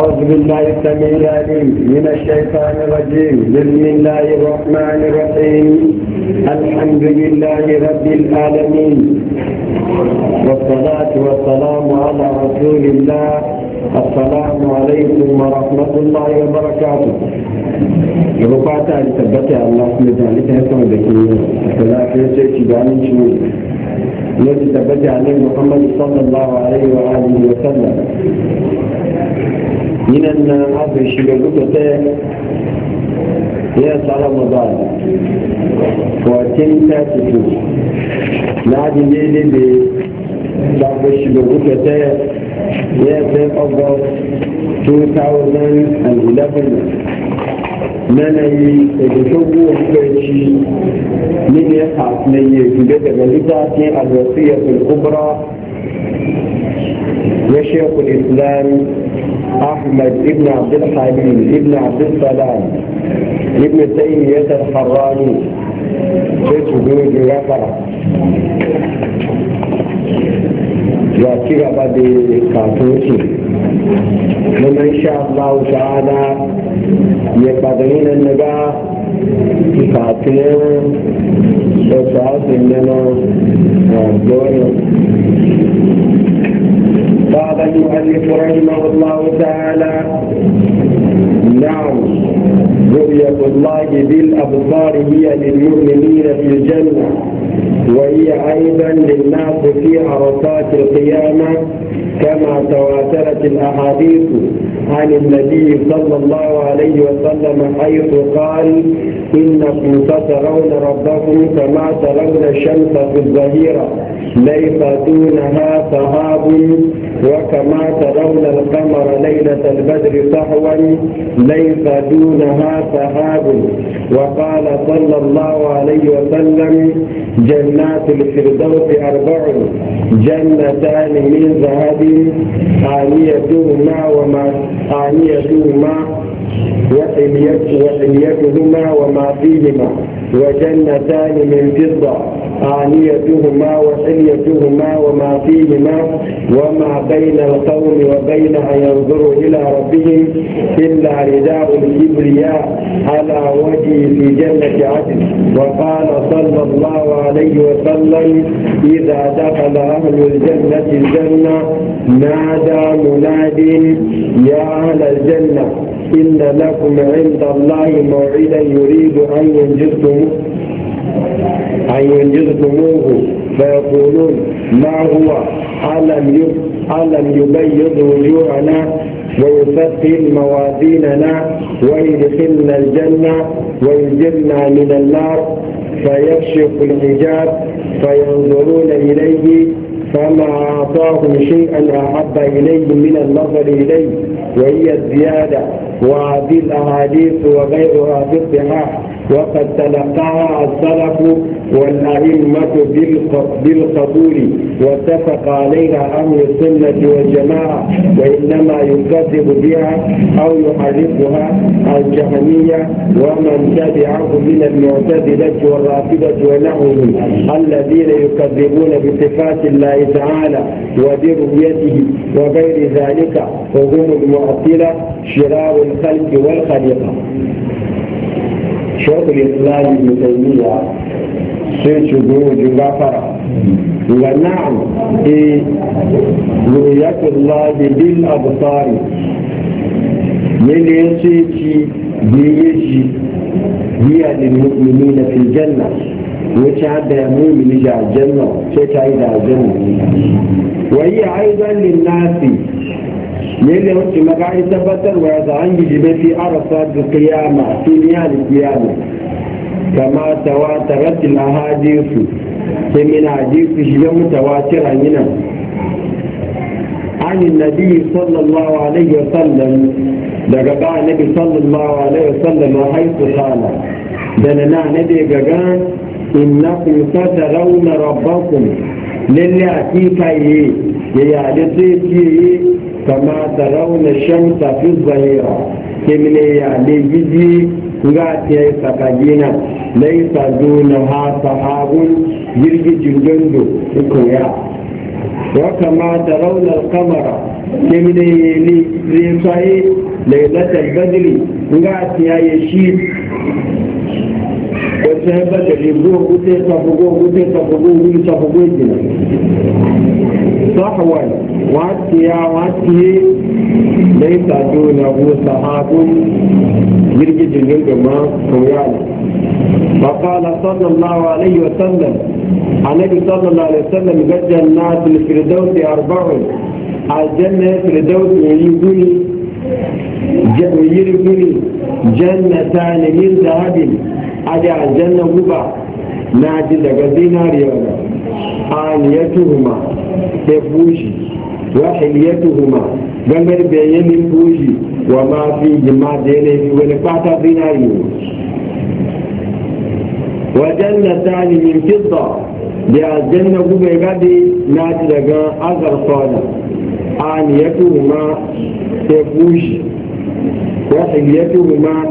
أعوذ بالله السميع العليم من الشيطان الرجيم بسم الله الرحمن الرحيم الحمد لله رب العالمين والصلاة والسلام على رسول الله السلام عليكم ورحمة الله وبركاته rufata da ثبتي Allah kuma da alita ya sama da ke da lafiyar sarki da aminci ne yadda tabbata a nan yinan na abin shiga duka ta ya tsara mazal 1432 na abin daidai da sabon shiga duka ta ya sai august 2011 nanayi da dubu hukunci ne ya fasu na yi gudu daga littafin alwasiyar kubra na shekul islam أحمد بن عبد الحليم بن عبد السلام ابن تيمية الحراني شيخ جوج غفرة وكيف بعد كاتوتي لما إن شاء الله تعالى النجاح في كاتوشي وساعات إننا آه، دوري قال المؤلف رحمه الله تعالى نعم رؤية الله بالأبصار هي للمؤمنين في الجنة وهي أيضا للناس في عرصات القيامة كما تواترت الأحاديث عن النبي صلى الله عليه وسلم حيث قال إنكم سترون ربكم كما ترون الشمس في الظهيرة ليس دونها سحاب وكما ترون القمر ليلة البدر صحوا ليس دونها سحاب وقال صلى الله عليه وسلم جنات الفردوس أربع جنتان من ذهب آنيتهما وما آنيتهما وحليتهما وما فيهما وجنتان من فضة آنيتهما وحليتهما وما فيهما وما بين القوم وبين أن ينظروا إلى ربهم إلا رداء الإبرياء على وجهه في جنة عدن وقال صلى الله عليه وسلم إذا دخل أهل الجنة الجنة نادى مناد يا أهل الجنة إن لكم عند الله موعدا يريد أن ينجزكم أن ينجزتموه فيقولون ما هو ألم يبيض وجوهنا ويثقل موازيننا ويدخلنا الجنة ويجرنا من النار فيكشف الحجاب فينظرون إليه فما أعطاهم شيئا أحب إليه من النظر إليه وهي الزيادة وهذه الأحاديث وغيرها في الصحاح وقد تلقاها السلف والأئمة بالقبول واتفق عليها أهل السنة والجماعة وإنما يكذب بها أو يحرفها الجهمية ومن تبعه من المعتزلة والرافضة ونحوهم الذين يكذبون بصفات الله تعالى وبرؤيته وغير ذلك وهم المعطلة شرار الخلق والخليقة shekul islami da taimiyya sai ci gojin gafara wa na'am e ru'yatullahi bil absari yene sai ci biyeji biya da lil mu'minina fil janna wace hada ya mu'mini da janna sai ta yi da janna wa hiya aizan lin nasi ne da wacce maka wa za an gidi bai fi arasa da kiyama fi niya da kiyama kama ta wa ta rati na haji su ta mina haji su shi yamu ta wa cira yinan an yin nabi sallallahu alaihi wa sallam daga ba nabi sallallahu alaihi wa sallam da na na da ga gan inna ta ta rauna rabbakum lalle a kika yi ya yi a zai fiye yi kama tarawna shan fi zahira kemine ya le gidi nga tiye sakagina laisa duna ha sahabun jirgi jirgando ko ya wa kama tarawna al-qamara kemine ni le sai lailatul badri nga tiye shi ẹgbẹ́ tẹ̀lé gbó ogúté sọfogó ogúté sọfogó ogúté sọfogó ti yá wọ́n ti yé lẹ́yìn tàbí ìnáwó sàmáàbò girgijin yin gama koyani فقال صلى الله عليه وسلم النبي صلى الله عليه وسلم قد جنات الفردوس أربع الجنة الفردوس ويقولي ويرقني جنتان من a da aljanna guba na ji daga zinariyar huma da bushi wa hiliyatuhuma gangar bayanin bushi wa ma fi jima da yanayi wani fata zinariyo wa jannatani min fidda da aljanna guba gadi na ji daga azarfada huma da bushi wa huma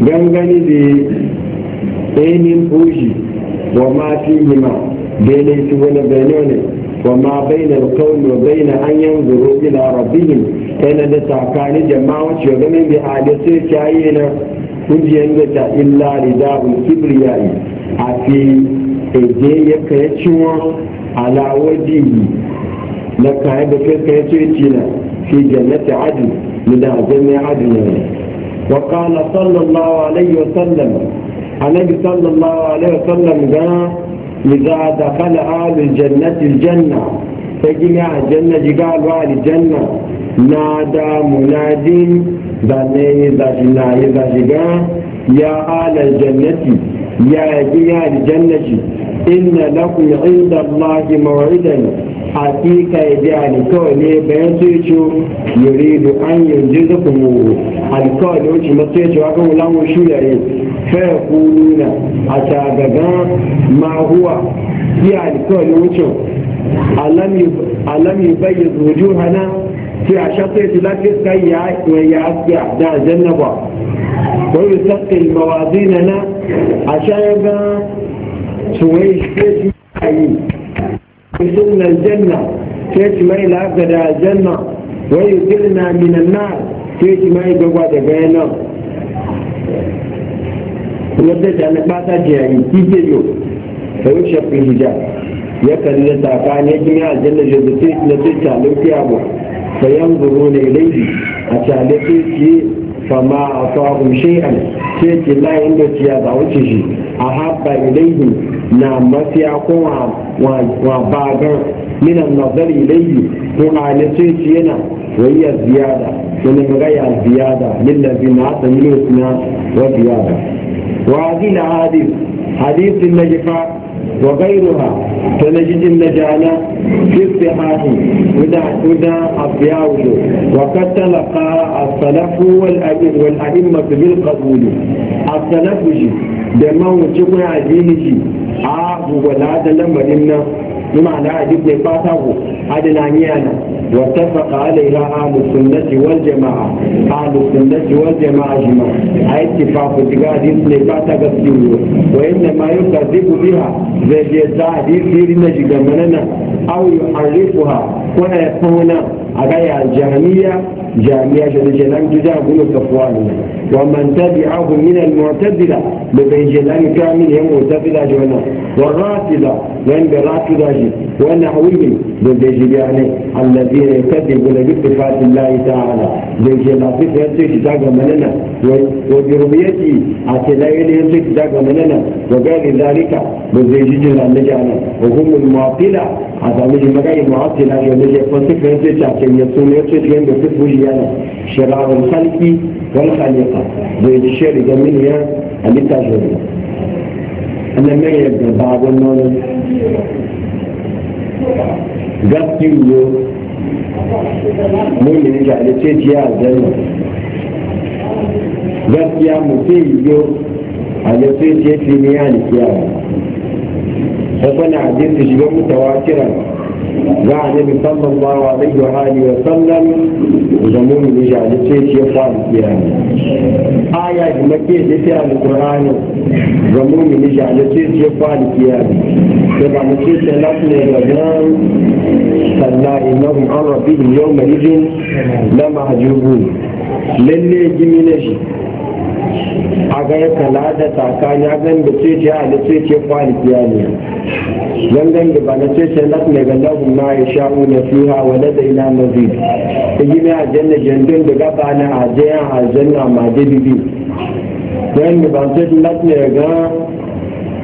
gangani da بين أوجي وما فيهما بين سوين بينون وما بين القوم وبين أن ينظروا إلى ربهم أنا لتعكاني جماعة وغمين بحادثة كاينة kunji yanga ta illa ridabul kibriyai a fi eje ya kaya ciwo ala yi na kaya da kai kaya ce na fi jannati adu min da jami'a adu ne wa qala sallallahu alaihi wa sallam النبي صلى الله عليه وسلم قال إذا دخل أهل الجنة الجنة فجمع الجنة قال أهل الجنة نادى مناد بني إذا يذاجنا يا أهل الجنة يا جميع الجنة إن لكم عند الله موعدا حقيقة يعني كون بيتيشو يريد أن ينجزكم الكل وش مصيرش وأقول لهم شو يعني fayakununa a tagaga ma huwa iya alkawali wucin alam yi bayyana zuju hana sai a shafa ya tilafi sai ya a da janna ba wani sassai mawazi na a shayaga suwai shi yi sun janna ke shi mai lafi da janna wani zirna minan na sai shi mai gaba da bayanan yadda ta na ɓata yi kike yau ta yi shafin ya kalli na tsakani ya kimi aljanna jazuti na sai talin fiyabuwa ta yan zuru ne laifi a talin sai ce fama a sahun shi'an sai ce layin da ciya za wuce shi a haɓa ilaihi na mafiya ko wa bagan minan nazar ilaihi kuma na sai ce yana وهي الزيادة من غير الزيادة للذين أعطوا منه وهذه الأحاديث حديث النجفة وغيرها فنجد النجانة في الصحاح ودا ودا أبياوه وقد تلقى السلف والأئمة بالقبول السلف جي دمه جمع دينه جي آه ولا دلم إنه بمعنى عدد نفاته عدنا نيانا واتفق عليها أهل السنة والجماعة أهل السنة والجماعة جماعة اتفاق اتقاد نفاته قصيره وإنما يكذب بها زي دي يصير نجد مننا أو يحرفها ويكون أغاية الجهمية جلان جلجلان تجاهل صفواننا ومن تبعه من المعتدلة لبين جلان كامل هم معتدلة جوانا والرافضة وين برافضة جي ونحوهم بالدجياني الذين يكذبون بصفات الله تعالى بالجلا في يسوي تاغا مننا وبربيته أتلاين يسوي تاغا مننا وقال ذلك بالدجيجي لنجانا وهم المعطلة أتعمل مغاي معطلة يمجي فصف يسوي تاكي يسوي يسوي تاكي بصف وجيانا شرار الخلق والخليقة بالشرق منها اللي تجربه ẹlẹ́gbẹ́ yẹn gbẹ̀bà àwọn náà gáàsì wo mo yẹ ìjà lè ṣe ti àjẹ́ náà gáàsì amòfin ìyó àjẹ́ tó ṣe ti ní àlìkí àwọn ẹgbẹ́ náà àdé ti يعني صلى الله عليه وآله وسلم زمون رجال سيد يقال كيامي آية مكة لتي على القرآن زمون رجال سيد يقال كيامي كما نسيت لكم الرجال صلى إنهم عن ربهم يوم إذن لما هجوبون للي جمينجي أغير ثلاثة تاكاين أغير بسيط يا لسيط يقال كيامي gangan da ba na ce ce na kuma ganda lahun ma ya sha'u na fiha wa da zai na mazid ta gina aljanna jandun da gaba na a aljanna ma dabibi gangan da ba na ce ce na kuma ga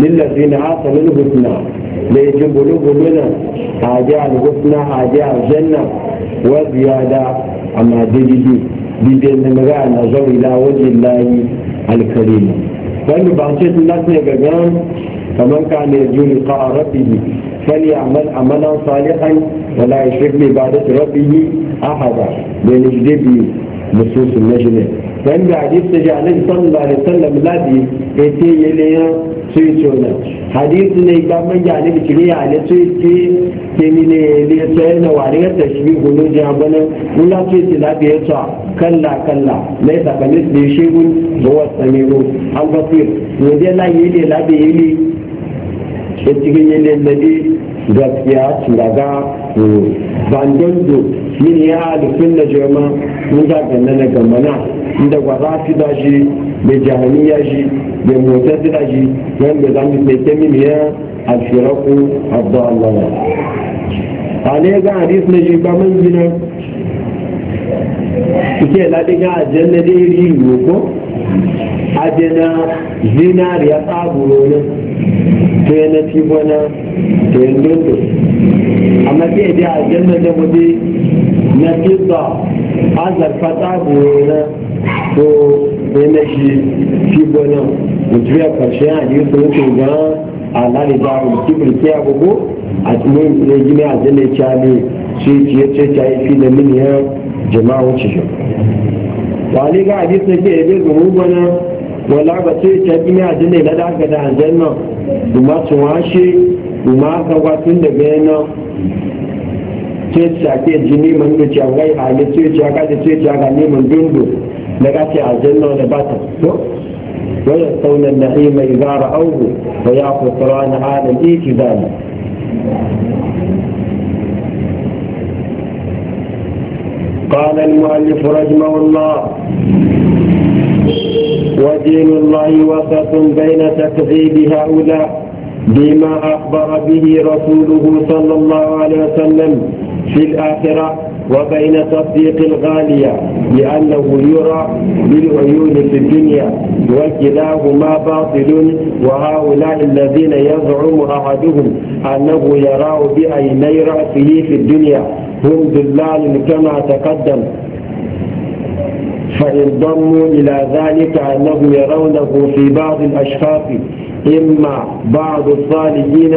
lillazi na asalin husna da ya ji bulubulunan ajiya alhusna ajiya aljanna wa ziyada a ma dabibi bibiyar na mura na zaune la wajen layi alkarima wani ba ce sun nasu ya gagan kamar ka ne juri ka a rabbihi fali amal amalan salihan wala ya shirk ne ba da su rabbihi ahada da ne shi bi mususun na shi ne wani da hadis ta ji alaihi sallallahu alaihi sallam ladi ya ce yanayin sai ce hadisi ne ba manja ne bikiri ya ne to ke ni ne ne sai na wani ya tashbi gulu ji abana mula ce ce na biye to kalla kalla mai ta kamis ne gun ga wasa ne ro an ga fi ne dai la yi ne la yi ne cikin yin ne gaskiya turaga mm. bandondo min ya alifin da jama mun ga ganna na gamana inda gwa fi da shi da jahaniya shi da mutazila shi wanda za mu sai ta miliyan alfiraku abdullawa ale ga hadis na shi ba man gina suke ladiga a janna da iri ko ajina zinariya tsaburo ne to yana fi gona to yin dondo amma ke da a da mutu na fita azarfa tsaburo ne to sai na shi shi gwanin mutum ya karshe a ji su ga alali da abu kibir ke agogo a cikin ne gini a jale cale shi ci ya ce ta yi fi da miliyan jama'a wuce shi wani ga hadis na ke ebe gumu gwanin wala ba sai ta gini a jale na da aka da aljanna kuma su washe kuma aka gwatun daga nan ce ta ke jini man da ce a wai a yi ce ta ka da ce ta ga neman dundu نقاتي الجنة ونباتا ويستون النعيم إذا رأوه ويعفو القرآن هذا الإيكذان قال المؤلف رحمه الله ودين الله وسط بين تكذيب هؤلاء بما أخبر به رسوله صلى الله عليه وسلم في الآخرة وبين تصديق الغالية لأنه يرى بالعيون في الدنيا وكلاهما باطل وهؤلاء الذين يزعم أحدهم أنه يراه بعيني رأسه في الدنيا هم ضلال كما تقدم فانضموا إلى ذلك أنهم يرونه في بعض الأشخاص إما بعض الصالحين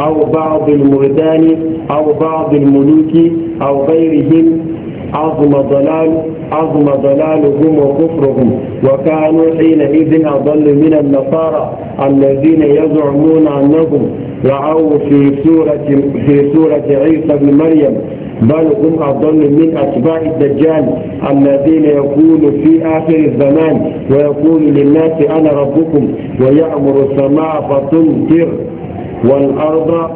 أو بعض المغدان أو بعض الملوك أو غيرهم عظم ضلال أظم ضلالهم وكفرهم وكانوا حينئذ أضل من النصارى الذين يزعمون أنهم رعوا في سورة في سورة عيسى بن مريم بل هم أضل من أتباع الدجال الذين يقول في آخر الزمان ويقول للناس أنا ربكم ويأمر السماء فتمطر والأرض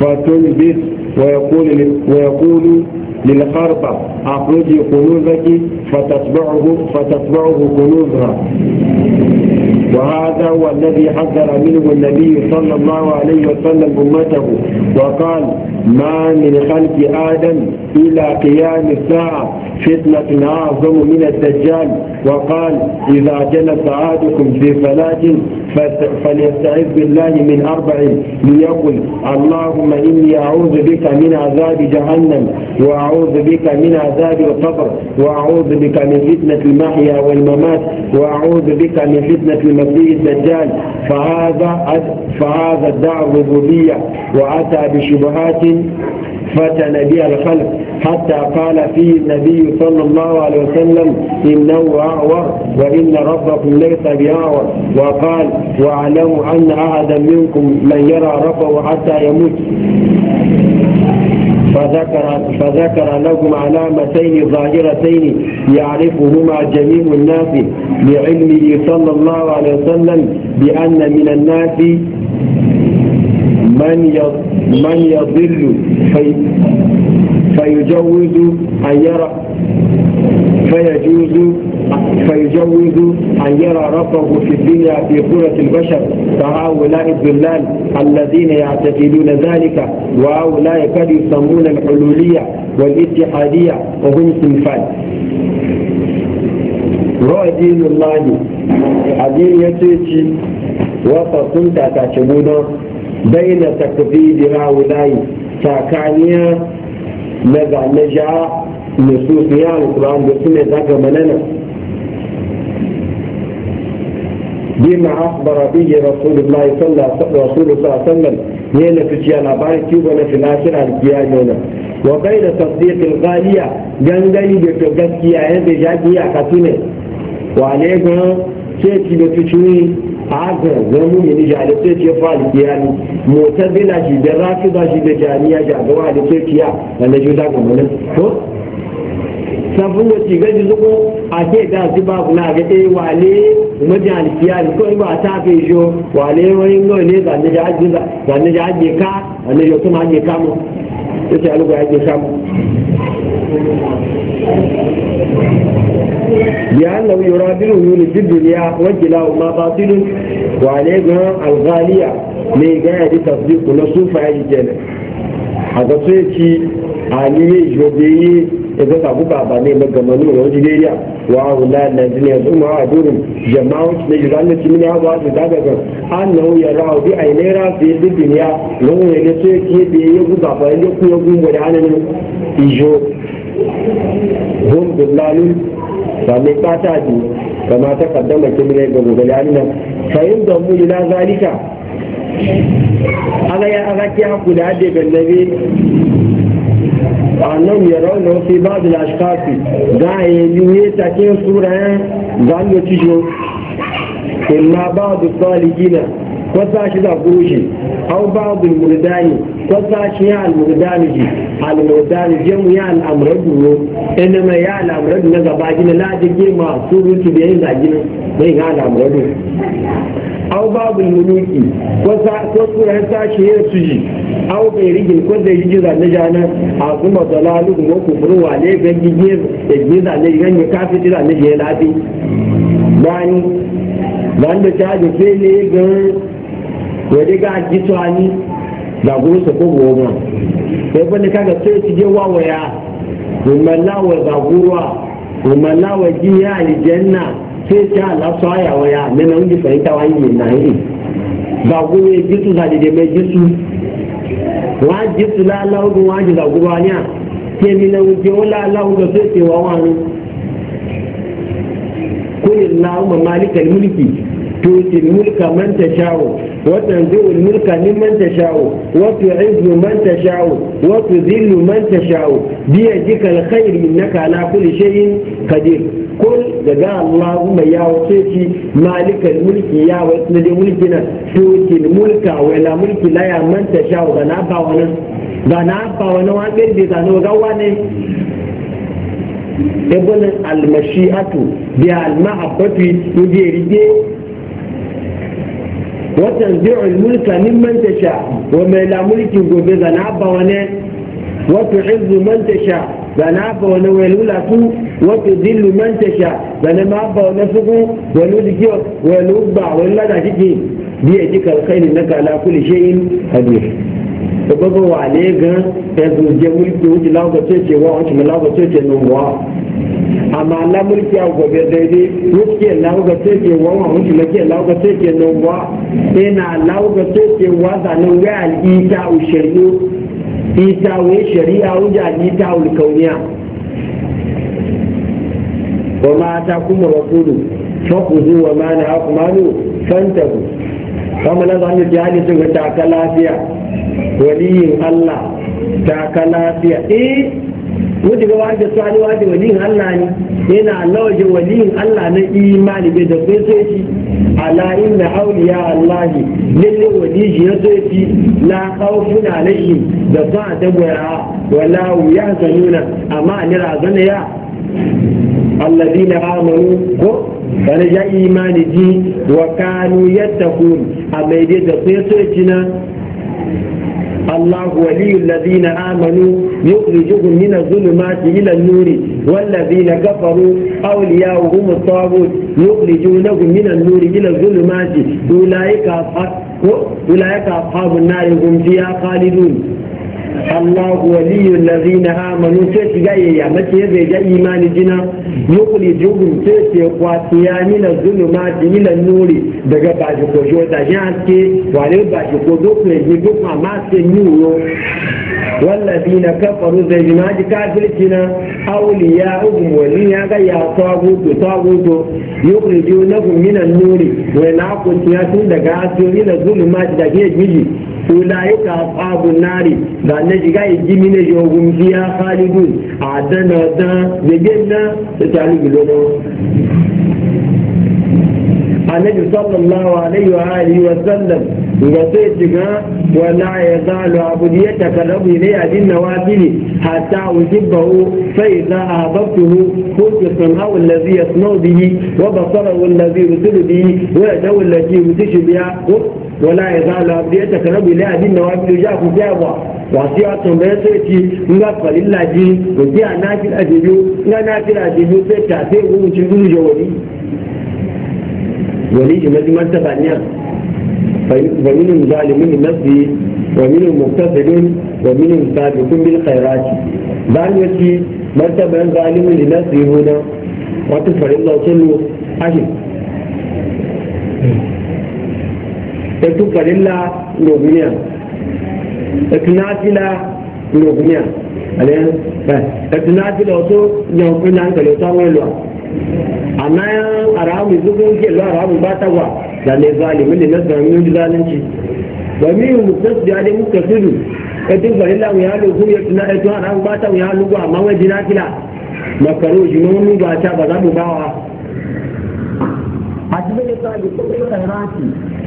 فتلبس ويقول ويقول للقربة أخرجي كنوزك فتتبعه فتتبعه كنوزها وهذا هو الذي حذر منه النبي صلى الله عليه وسلم أمته وقال ما من خلق آدم إلى قيام الساعة فتنة أعظم من الدجال وقال إذا جلس أحدكم في صلاة فليستعذ بالله من أربع ليقل اللهم إني أعوذ بك من عذاب جهنم وأعوذ بك من عذاب القبر وأعوذ بك من فتنة المحيا والممات وأعوذ بك من فتنة المسيح الدجال فهذا فهذا ادعى الربوبية وأتى بشبهات فتن بها الخلق حتى قال فيه النبي صلى الله عليه وسلم إنه أعور وإن ربكم ليس بأعور وقال واعلموا أن أحدا منكم من يرى ربه حتى يموت فذكر فذكر لهم علامتين ظاهرتين يعرفهما جميع الناس لعلمه صلى الله عليه وسلم بأن من الناس من من يضل في فيجوز أن يرى فيجوز فيجوز أن يرى ربه في الدنيا في قرة البشر فهؤلاء الضلال الذين يعتقدون ذلك وهؤلاء قد يسمون الحلولية والاتحادية وهم صنفان روى دين الله أدين يتيتي وفصل تتشبونه baina takdidi hawulai takaniya na ga na ja nususiya alkur'an da su ne zaga manana bima akhbara bi rasulullahi sallallahu alaihi rasulullahi sallallahu alaihi wasallam yana ficiya labarin kiwo na filashin alkiya ne na wa bai da tasdiqin galiya da ta gaskiya yadda ya ji a katune wa ne ga ki da ficiwi aga wani ne ja da ce fa alkiyani motar bila shi da rafi ba shi da jami'a ja ga da sai kiya da na juda ga mulin to sabun wati ga ji zuko a ke da su ba kuna ga eh wale maji alkiyani ko ba ta fe jo wale wani ngo ne da ne ja ji da ne ka ne yo kuma ajiye ka mu sai algo ya ji لأنه يرابره للدنيا وكلاهما باطل وعليها الغالية ميغا لتصديق نصوف أي جنة هذا سيكي عليه جوبيه idan ka buka ba ne ba gama nuna wajen dariya wa wula na jini su ma a durin jama'a na yi ranar cimin ya ba su daga kan an na wuya rawa bi a yi naira su yi ya wani wani so ya ke da ya guba ba kuma gungun da hannun ijo gun sami ɓata bi kama ta kaddama kimre ga gobe da annan fayin da mu ila zalika ala ya ala ki haku da ade ga nabi annam yarawna fi ba'd al-ashqas gaye yuye take sura zango tijo imma ba'd al-saligina ko sashi da gurushi aw ba'd al-murdani ko sashi ya al-murdani almutari jemu ya al'amuradu ne ina mai ya al'amuradu na gaba gina ladi ke masu rutu da yin zagina mai ga al'amuradu au babu muluki ko tsoron sashi ya suji au bai rigin ko da yi na jana a kuma dalalu kuma na wale ga gige da gige zane ganye kafin jira na je lafi bayan bayan da ta da fele gan anyị, ga gitwani ga gurusa ko goma ebone kaga sai su je wawaya umalla wa zagurwa umalla wa jiya aljanna sai ta ala soya waya ne na sai ta wani yi na yi zagurwa ya jisu za zadide mai jisu wa jisu la lahugun wa ji zagurwa ne ke mi na wuce wala da sai ce wa wani na umar malikar mulki تؤتي الملك من تشاء وتنزع الملك ممن تشاء وتعز من تشاء وتذل من تشاء بيدك الخير انك على كل شيء قدير كل دقا اللهم يا وصيتي مالك الملك يا وصيتي ملكنا تؤتي الملك ولا ملك لا يا من تشاء غنابا باونا غنابا باونا وانجل بيزانو غواني ebonin almashi'atu bi almahabbatu yuje وتنزع الملك ممن تشاء وما لا ملك gobe da na ba wane wato izu man tasha da na wani walula su wato man tasha da ma ba wani wani jiki wani ba wani lada jiki biya ji kalkaini na kala kuli shayin hadir da baba ga mulki wa amma na mulki a gobe daidai wuce lahu ga teke wawa wuce make lahu lauga teke nan wa ina lauga teke wa zanen ga al'ita u shari'u ita wa shari'a wuce al'ita u kauniya wa ma ta kuma rasulu fakuzu wa ma na haku manu fantahu kama na ta jihadi sun ga taka lafiya waliyin allah taka lafiya eh wuce gaba da su hali wajen waliyin Allah ne yana Allah waliyin Allah na imani bai da kai sai shi ala inna awliya Allah lalle wali shi ya sai shi la khawfun alaihim da ba da waya wala yahzanuna amma ni razana ya ji آمنوا فنجا إيمان دي dai da sai sai دقيقة الله ولي الذين آمنوا يخرجهم من الظلمات إلى النور والذين كفروا أولياؤهم الطاغوت يخرجونهم من النور إلى الظلمات أولئك أصحاب أولئك أصحاب النار هم فيها خالدون الله ولي الذين آمنوا تيتي جاي يا متي زي جاي إيمان جنا يخرجهم تيتي قواتيا من الظلمات إلى النور daga baji ko jota jan ke wale baji ko dokle ni ko ma ma se ni wo Dɔn dabila kafar zai zimma ake ka ta zina ake mɔ miniyan ka yi a tɔ a boko tɔ a boko yi yunifɔl na na kun bi na nuri wani akutu suna da gasu ni na kuni ma zina biyu fila yi ka fa abunari zanen biyu kayi jimi na yi a yunifɔl a dana dana zazza minan da ta hali annabi sallallahu alaihi wa alihi wa sallam ga sai shiga wala ya zalu abudiyata karabu ne a din nawafili hatta ujibahu fa idza ahbabtuhu kuntu samahu allazi yasma'u bihi wa basarahu allazi yusiru bihi wa yadahu allazi yutishu biha wala ya zalu ne wasu ya tambaye sai ci nga falilla ji ko ki anafil ajibu nga nafil ajibu sai ta sai wuce duje wani wani imaji martaba niya wa minin zalimin nafi wa minin muktasirin wa minin sabikun bil khairati ba ni yaki martaba yan zalimin nafi huna wata farin lautun lu ahi etu farin la lobiniya etu nafi la lobiniya alayyan etu nafi la wato yankunan kalitawai luwa amma yan aramu zubin ke lo aramu ba ta wa da ne zalimi ne na zalimi zalunci ba mi yi mutas da ne muka tudu kadin farilla mu ya lo ya tuna ai to aramu ba ta ya lugu amma wai jina kila makaro shi jino wani ba ta ba za mu ba wa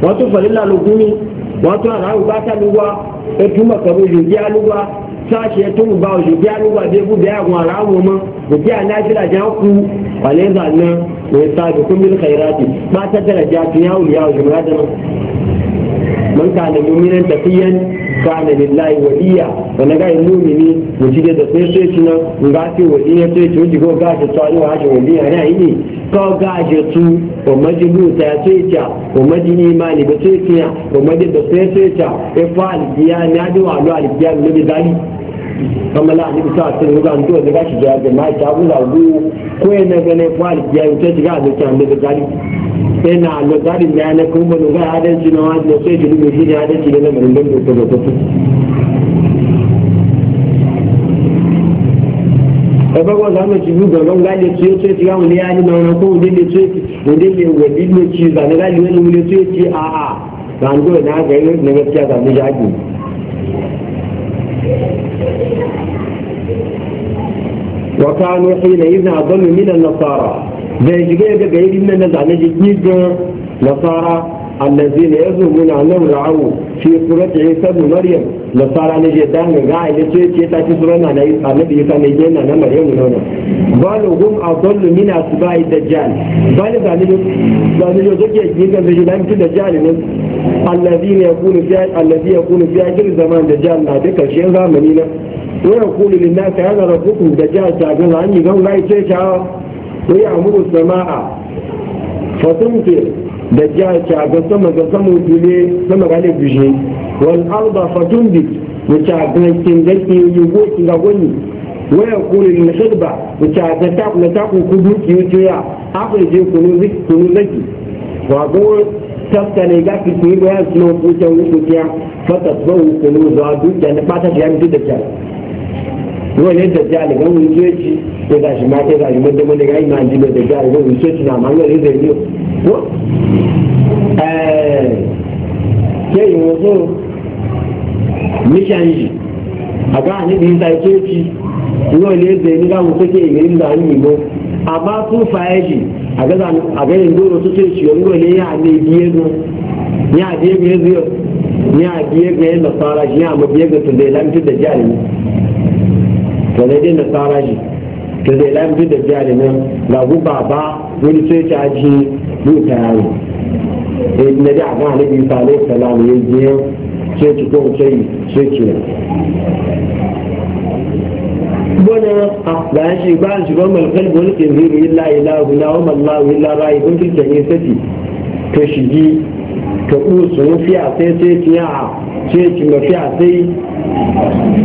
wato farilla ne wato aramu ba ta lugwa e tuma karo ya alugwa sashi ya tumu ba shi biya ruwa zai bu biya kuma rawo ma da biya na fila jan ku wale zanne mai sabi kun bil khairati ba ta tara jatu yawo yawo jama'a da man kana mu'minan tafiyan kana lillahi waliya wani ga mumini mu ci da sai sai ci nan ga ce wali ya sai ci go ga ce tsari wa ce wali ya na yi ko ga ce tu ko majibu ta sai ci ko majini imani ba sai ci ko majin da sai sai ci e fa al biya na da wa al biya ne da dali kama la ni bisa sai ga an dole ga shi ja ga mai ta wula gu ko ne ga ne kwali ya yi ta ga da kan da gari sai na lo gari ne ne kuma no ga adan ji na wani sai ji ne shi ya adan ji ne mun dan da ko ko ẹgbẹ́ wọn sáà mẹ́tì ní gbọ̀ngàn ńlá lè tí ó tó ti ráhùn ní ayé náà ọ̀nà kóhùn délé tó ti òdélé wẹ̀ nílé tí ìgbàlélá lè wọ́n nílé tó ti àhà gbàǹdó ìdáhàgbẹ́ lẹ́gbẹ̀ẹ́ tí a gbàǹdó yá gbìn. وكانوا حينئذ أظن من النصارى بيجي بيجي من النصارى جديد نصارى الذين يزعمون أنهم رعوا في سورة عيسى بن مريم نصارى نجدان قاعد يسوي شيء تاتي سورة أنا النبي عيسى نجدان أنا مريم هنا بل هم أظل من أتباع الدجال بل ذلك ذلك يجيب بجلان في الدجال الذين يكون في الذي يكون في آخر الزمان دجال ما ذكر شيء غامنين sai ya kuli lillahi yana da kuku da jihar jagin an yi gauna ya ce shi a wani amuru sama'a fasunke da jihar jagin sama ga sama gule sama ga ne bishe wani alba fasunbi da jagin kin yi ko kin ga gwani wani kuli da jagin ta kuma ta kuku ya ce ya afirje kunu zaki wago tafka ne ga fi su yi bayan suna kuce wuce ya fata tsohon kunu zuwa dukiya na fata da ya mutu da kyau wọ́n lè dẹ̀jẹ́ àlẹ́gbẹ́ wọn ìjọ ẹ̀jì ẹ̀dà ṣì máa ẹ̀dà ṣì mọ́tẹ́mọ́ ní gáyìí máa jìbẹ̀ dẹ̀jẹ́ àlẹ́gbẹ́ wọn ìjọ ẹ̀jì náà máa ń lọ́ọ̀rẹ́ dẹ̀ yóò wọ́n ṣé ìwọ̀n tó mission yìí níbi ìta ìjọ ẹ̀jì wọ́n lè dẹ̀ ní káwọn sókè ìwé ńlá yìnbọn àbá tún fa ẹ̀jì àgẹ́yìn tó tó ìṣòro ń wọlé ní àdé ìdíyẹ́gùn ní àdé ìgbẹ́ ní àdé ìgbẹ́ lọ́sọ̀rọ̀ ní àmọ́ ìgbẹ́ tó dé lámìtì dẹ̀jẹ́ àlẹ́gbẹ́ wani dai nasara ne to da ila mutu da biya nan ga guba ba wani sai ta ji buta yawo eh na da ga nabi sallallahu alaihi wasallam ya je sai ci ko sai sai ki بنا باشي باش بما القلب والقنزير إلا إلهنا وما الله إلا رايب في الكنيسة تشجي تقوس وفي عصي سيتي عا سيتي ما a sai.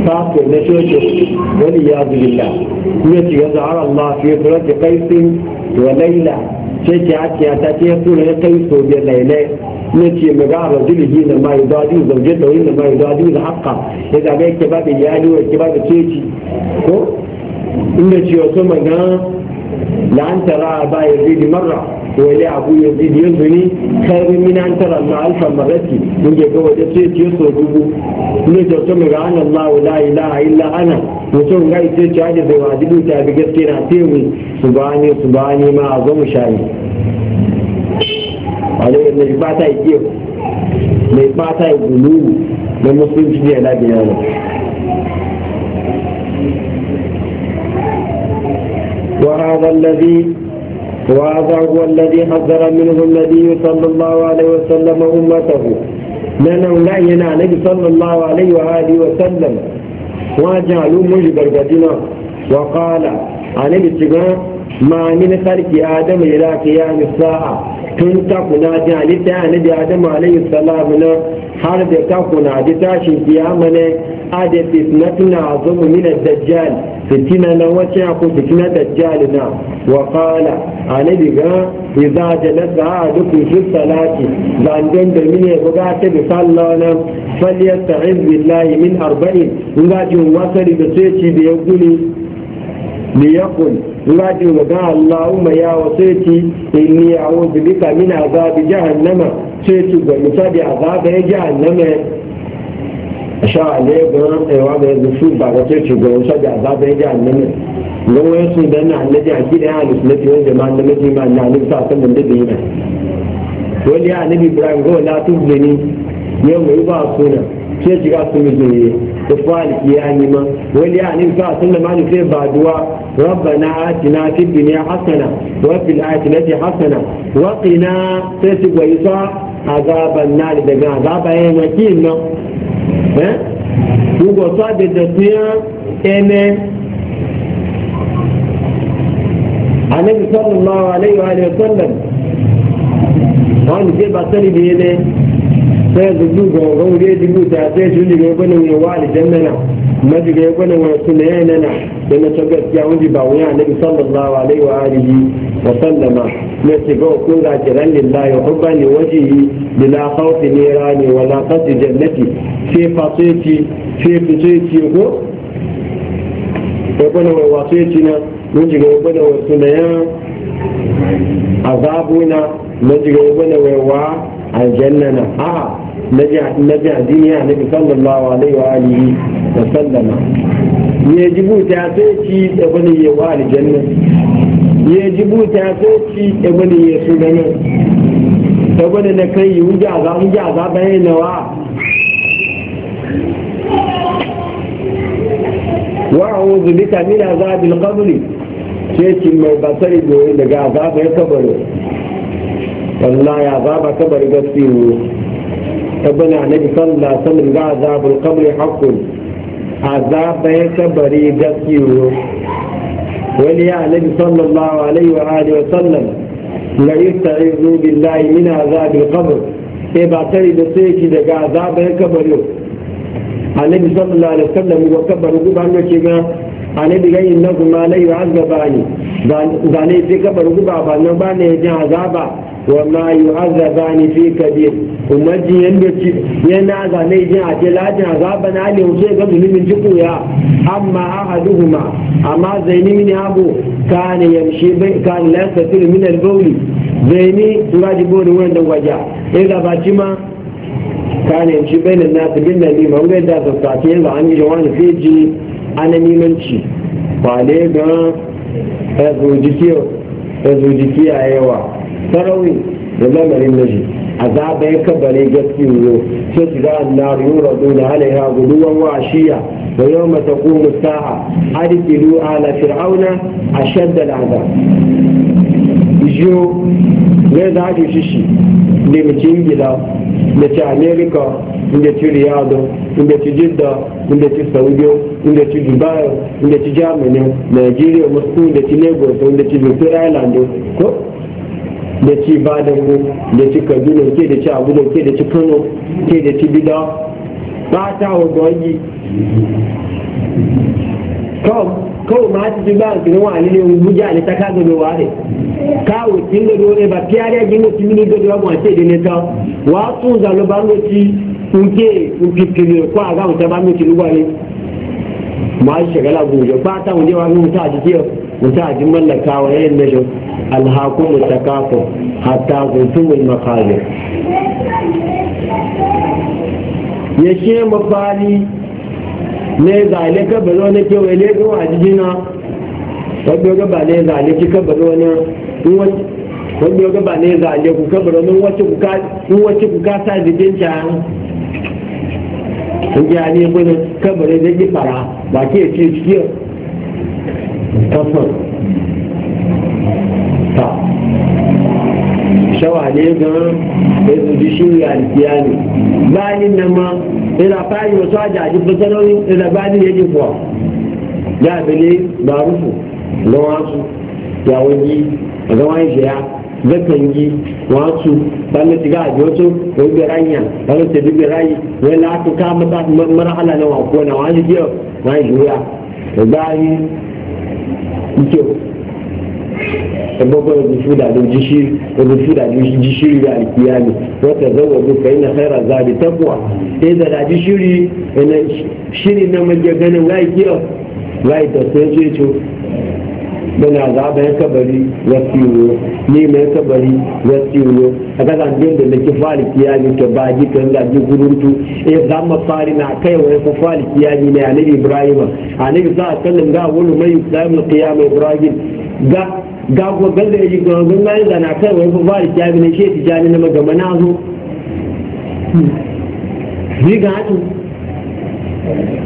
ta ce na shekin wani ya zubilla kuma ci ga zahar Allah fi kura ki kai sun wa laila ce ki ake ya ta ce ya tura ya kai so biya laila na ce mu ga ba zuli yi na mai dadi zauje da wani na mai dadi na haka ya ga mai ke ba da yali wa ke ba da ceci ko inda ci wasu magana la'antara ba ya zai di wani abu ya zidi ya zuni kairin min an tara na alfa marati mun ga waje sai ce so dubu ne da to mai ga Allah la ilaha illa ana mutum ga ita ce haje bai wajibi ta bi gaske na sai mu subhani subhani ma azamu shayi wale ne ba ta yi mai ba ta yi gulu na musulunci ne na biyana وهذا الذي وهذا هو الذي حذر منه النبي صلى الله عليه وسلم أمته لأنه لا ينال النبي صلى الله عليه وآله وسلم وجعلوا مجبر بدنا وقال عن الاتقاء ما من خلق آدم إلى قيام الساعة تنتقنا جعلتها نبي آدم عليه السلام حرب تقنا جتاش قيامنا أدت اثنتنا عظم من الدجال فتنا نوتي أقول فتنا دجالنا وقال أنا بقى إذا جلس أحدكم في الصلاة بأن جند مني وقعت بصلاة فليستعذ بالله من أربعين وقعت وصل بصيتي بيقول ليقل وقعت وقع اللهم يا وصيتي إني أعوذ بك من عذاب جهنم صيتي ومصاب عذاب جهنم sha ne ganin tsayawa da yanzu su ba ga sai shugaban sa da azaba ya ji annabi don wani su dan na annabi a gida ya halu sunnati wani jama'a na mace ma na annabi sa san da da yana wani ya annabi ibrahim ga wala tun gani yau mai ba suna sai shiga su mu je da fali ya ni ma wani ya annabi sa san da ma ni sai ba duwa rabbana atina fid dunya hasana wa fil akhirati hasana wa qina sai su gwaisa azaban nar daga azaba yayin wakin nan Eh? ugbo tó àdèdè tó yán ẹnẹ anabi sallallahu alayhi wa sallam wọn lè gbé bàtẹ́lì bìí ẹnẹ. sai da ju ga gon re dubu ta sai su ne ga bane wa aljanna na maji ga bane wa sunna na da na tabbata ya wani ba wani annabi sallallahu alaihi wa alihi wa sallama ne ce ga ko ga jiran lillahi wa hubbani wajhi bila khawfi nirani wa la qad jannati fi fasiti fi fasiti ko ya bane wa wasiti na maji ga bane wa sunna azabuna maji ga bane wa aljannana a'a na ji addini ya nabi sallallahu alaihi wa alihi ya ji buta sai ci da ya wa aljanna ya ji buta sai ci da ya sunana da wani na kai yi wuja za mu ja za wa a'udhu bika min azabil qabri sai ci mai basari goyi daga azabar kabari wallahi azaba kabari gaskiya tabbin a na isan da sanin ga azabin kamar haku a zaɓe kabari da kiro wani ya na isan da ba wa alayhi wa ali wa sallam na isa izu billahi min azabin ba tare da sai ki daga zaɓe kabari a na da ala sallam wa kabari guba na na diga yin na kuma alayhi wa azaba zane ce kabari guba ba ba na ya ji azaba وما يعذبان في كبير ومجي يندتي ينا زاني جي اجلاج عذابنا علي وسي قبل من جقويا اما احدهما اما زيني من ابو كان يمشي بي كان لا يستطيع من البول زيني تراجي بول وين وجا اذا باتما كان يمشي بين الناس بالنبي ما وين داس الساعتين وعن جوان فيجي انا نيمنشي وعليه ده ازوجي كيو ازوجي كيو ايوه sarawi da lamarin naji azaba ya kabare gaskiyo sai shiga annar yuradu da halayya guduwan wa da yau mata kuma, sa'a adkilu na fir'auna a da aza ijo ne da ji shishi ne mutum gida da ci america inda ci riyadu inda ci jidda inda ci saudiya inda ci dubai inda ci germany nigeria musu inda ci lagos inda ci victoria island ko da ci badango da ci kaduna ke da ci abuja ke da ci kano ke da ci bida ba ta wa gwaji kawai ma ti ba a kiri wani ne wani buja ne ta ka gado wa ne kawo kin gado ne ba fiyari a gina ti mini gado wa ce da ne ta wa zalo ba ngoci nke kiri ko a ga wuta ba ngoci lugwa ne ma shagala gobe ba ta wuje wa mutu a jiki mutu a mallaka wa yayin da hatta makabir mafani ne zale ka bazo wani ke wele lego a jina wadda ga ba ne zale ki ka bari wani wadda ga ba ne zale ku ka bazo ne wacce ku ka sa jijin ta ya ne gudun kamarai da yi fara ba ke ce a kasar ta shawa ne gan da su shi ya alkiya ne bayanin nan ma ina fari wasu ajaji fasarorin ina bayanin ya ji kuwa ya bi ne ba rufu na wasu ya wani a zama ya gatangi wasu bala tiga a jotu wai ranya bala ta dubi rai wai la ku ka mata marhala na wa ko na wani jiya wani juya da bayi ike sababu da su da jishiri da su da jishiri da alkiyami wata zawo kai na khaira zabi takwa sai da da shiri yana shiri na majaganin gai kiyo gai da sai ce yana zaɓa ya kabari ya tiyo ni mai ya kabari ya tiyo a kasan biyan da nake fari kiyaji ta ba ji ta yanda ji gurutu eh za fari na kai wa yafi fari kiyaji ne anabi ibrahim anabi za a kallon ga wani mai islamu kiyama ibrahim ga ga ko galle yi ga mun na yi na kai wa yafi fari kiyaji ne shi tijani na magama na zo ni ga tu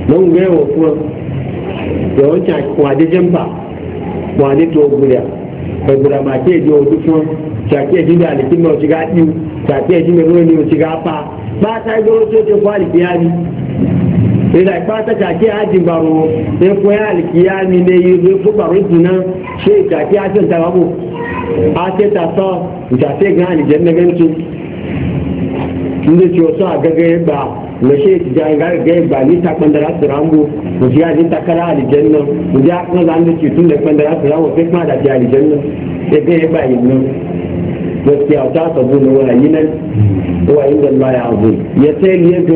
don gwe wa ko da wancan kwa jejen ba wọn ní tó gbúdà ẹgbẹ̀rẹ̀ máa tẹ́ ìdí ojú fún ṣàkí ẹ̀dí ní àlèkí náà ti gá tíw ṣàkí ẹ̀dí ní olóyìn ní ti gá pa pátá ìgbóró tó ti fọ́ àlèkí yá ni ìlà ìpátá ṣàkí àjìnbàrò ẹ̀fọ́ àlèkí yá ni ní ìlú fúpàrọ̀ ta ṣé ìṣàkí àti ìtàwábò àti ìtàtọ̀ ìṣàkí gan àlèjẹ́ ba. na she jangar gai ba ni ta kwandara su rango mu ji ya ni ta kara alijanna mu ji ya kuma za mu ci tun da kwandara su rango sai kuma da ji alijanna ya ba yi nan gaskiya ta sabu na wani wahayi nan wahayi da Allah ya abu ya sai ni ya ga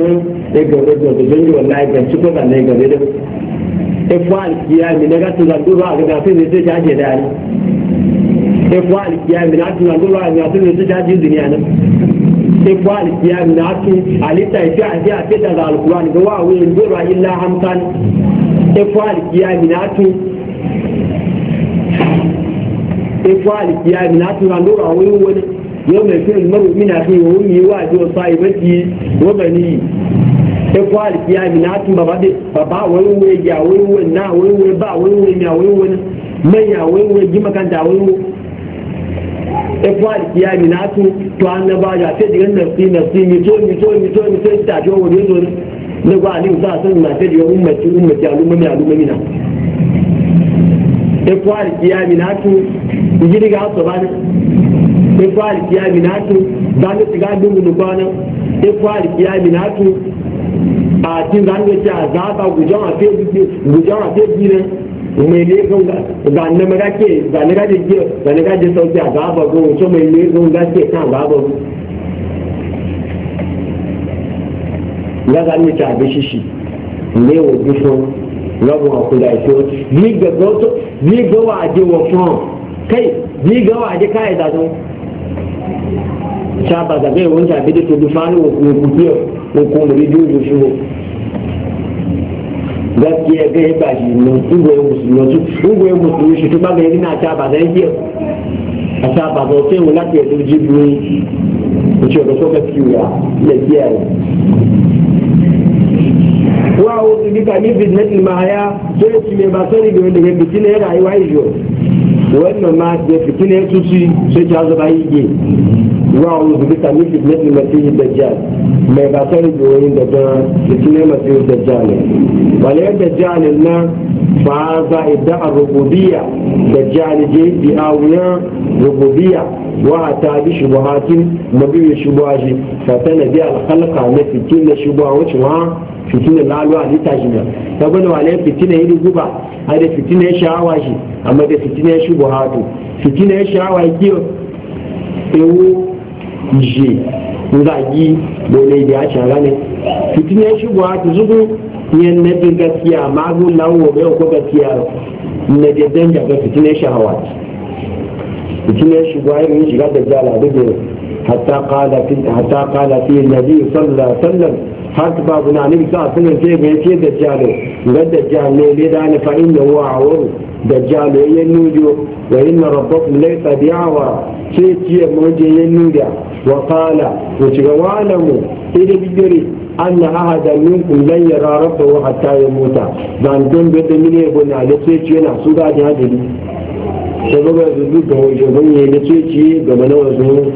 ya gaba wajen da zan yi wani ya ci ko ba na ya gaba da ya fi alkiya alikiyami na gasu na duru a gaba sai zai sai ta je da ni efu alikiyami na gatu na duru a ga sai sai ta je duniya nan sai kwa na ake aje a daga da alkurani ga wa wuyan dora illa hamsan sai kwa alkiya na ake sai kwa na ake dora wani yau mai firin maru mina fi wa wuni wa ji sa'i baki wa sai kwa alkiya na ake ba ba ba wuyan wuyan ya wuyan na wuyan ba wuyan ya wuyan manya gima kan da efu alkiyami na su to annaba ya ce diga nafsi nafsi mi to mi to mi to mi to ta jo wani zo ne gwa alim sa sun ma ce diga ummati ummati alumma alumma na efu alkiyami na su yi diga so ba ne efu alkiyami na su ba ne diga dungu ne ba ne efu alkiyami na su a tin zan ga ta za ba gujan a fe gujan a fe ne mai laifin zane ma gake kan ta shishi ne wo ga waje wa fon kai ga kai da bi wo shi gaskiya ga ya bashi nan ugoyin musulmi su ugoyin musulmi shi tuma ga yana ta ba zai yi a ta ba zai sai wula ta yadda jibi biyu, ce ga so ka kiwa da kiyaye wa a'udhu bika min fitnatil mahya e me ba e e ma wa bika ba فهذا ادعى الربوبية دجال جيد بآوية ربوبية وأتى بشبهات مبيو شبهات فتنى بها الخلق عن فتنة شبهات وها فتنة لالوة لتجمع فبنوا fitina فتنة هي الغبا هذه فتنة شعواش أما ده a شبهات فتنة شعواش ديو ewu ji nzagi bole da ya ci a ranar fitin ya shigo a ta yan na gaskiya magun lawon wa bai ko gaskiya na jaddan jaga fitine shahawa fitine shiga irin shiga da jala duk hatta qala fi hatta qala fi nabi sallallahu alaihi wasallam har ta babu na nabi sallallahu sai ga yace da jalo ga da jalo ne da ni fa inna huwa awru dajjalu ya yi nujo wa yi na rabbatun laifa biyawa ce ciye mawaje ya yi nuja wa kala ya shiga walamu ina bidiri an na haha da ninkun layar rarrafa wa hatta ya mota zan don bai da mini ego na ala ce su ga ajiya da ni ta zaba da zuzu ga wajen banye na ce ciye ga mana wasu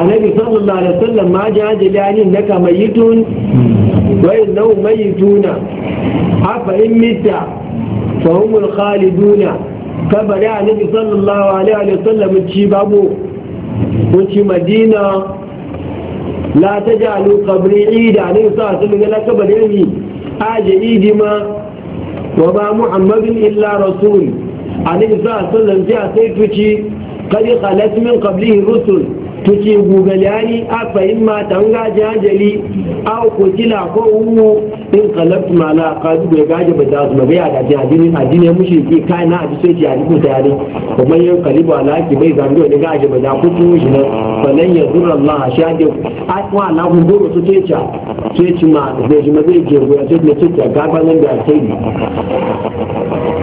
annabi sallallahu alaihi wasallam ma ji hajjali a yin na kama yi tun wayin nau mai yi tuna haka in mita fahimul khaliduna kabar ya nabi sallallahu alaihi wa sallam ci babu wuce madina la ta ji alukabri ida ne su a sun gana kabar yin yi idi ma wa ba muhammadin illa rasul a nabi sallallahu alaihi wa sallam ci a sai kadi khalat min qablihi rusul tuce gugaliyani a fahimma ta nga jajali a kotila ko uwu in kalabtu ma la kadu bai gaje ba za su ba bai da jajiri a jini mushi ke kai na abu sai jari ko yare kuma yin kalibu ala ki bai zango ne gaje ba za ku tuwo shi na falan ya zura Allah shade a kuma ala ku goro su teca teca ma zai ji ma zai je goya sai ne teca gabanin da sai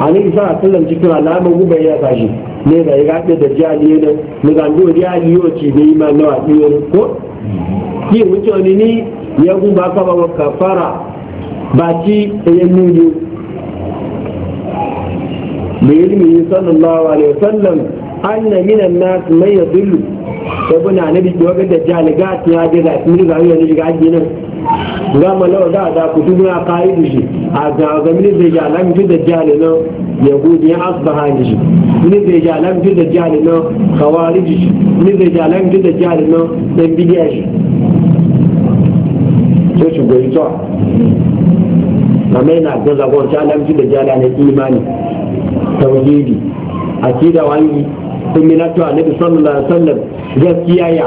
ani a sallam cikin alama guba ya tashi ne da ya gaɗe da jali ne mu ya yi yo ci ne ima na wa tiyo ko ki wuce wani ni ya guba ka ba fara ba ci ya nuyo bi ilmi sallallahu alaihi wasallam anna minan nas man yadullu sabuna nabi ko ga da jali ga ya ga da mun ga yo ne ga ginin nga malawa da da ku tun ya kai da shi a ga gamin da ya lan ji da jali no yahudi ya asbaha ni shi ni da ya lan ji da jali no khawarij shi ni da ya lan ji da jali no dan bidiya shi so shi goyi to amma ina ga zagon ta lan ji da jali ne imani tauhidi akida wani kun minatu annabi sallallahu alaihi wasallam gaskiya ya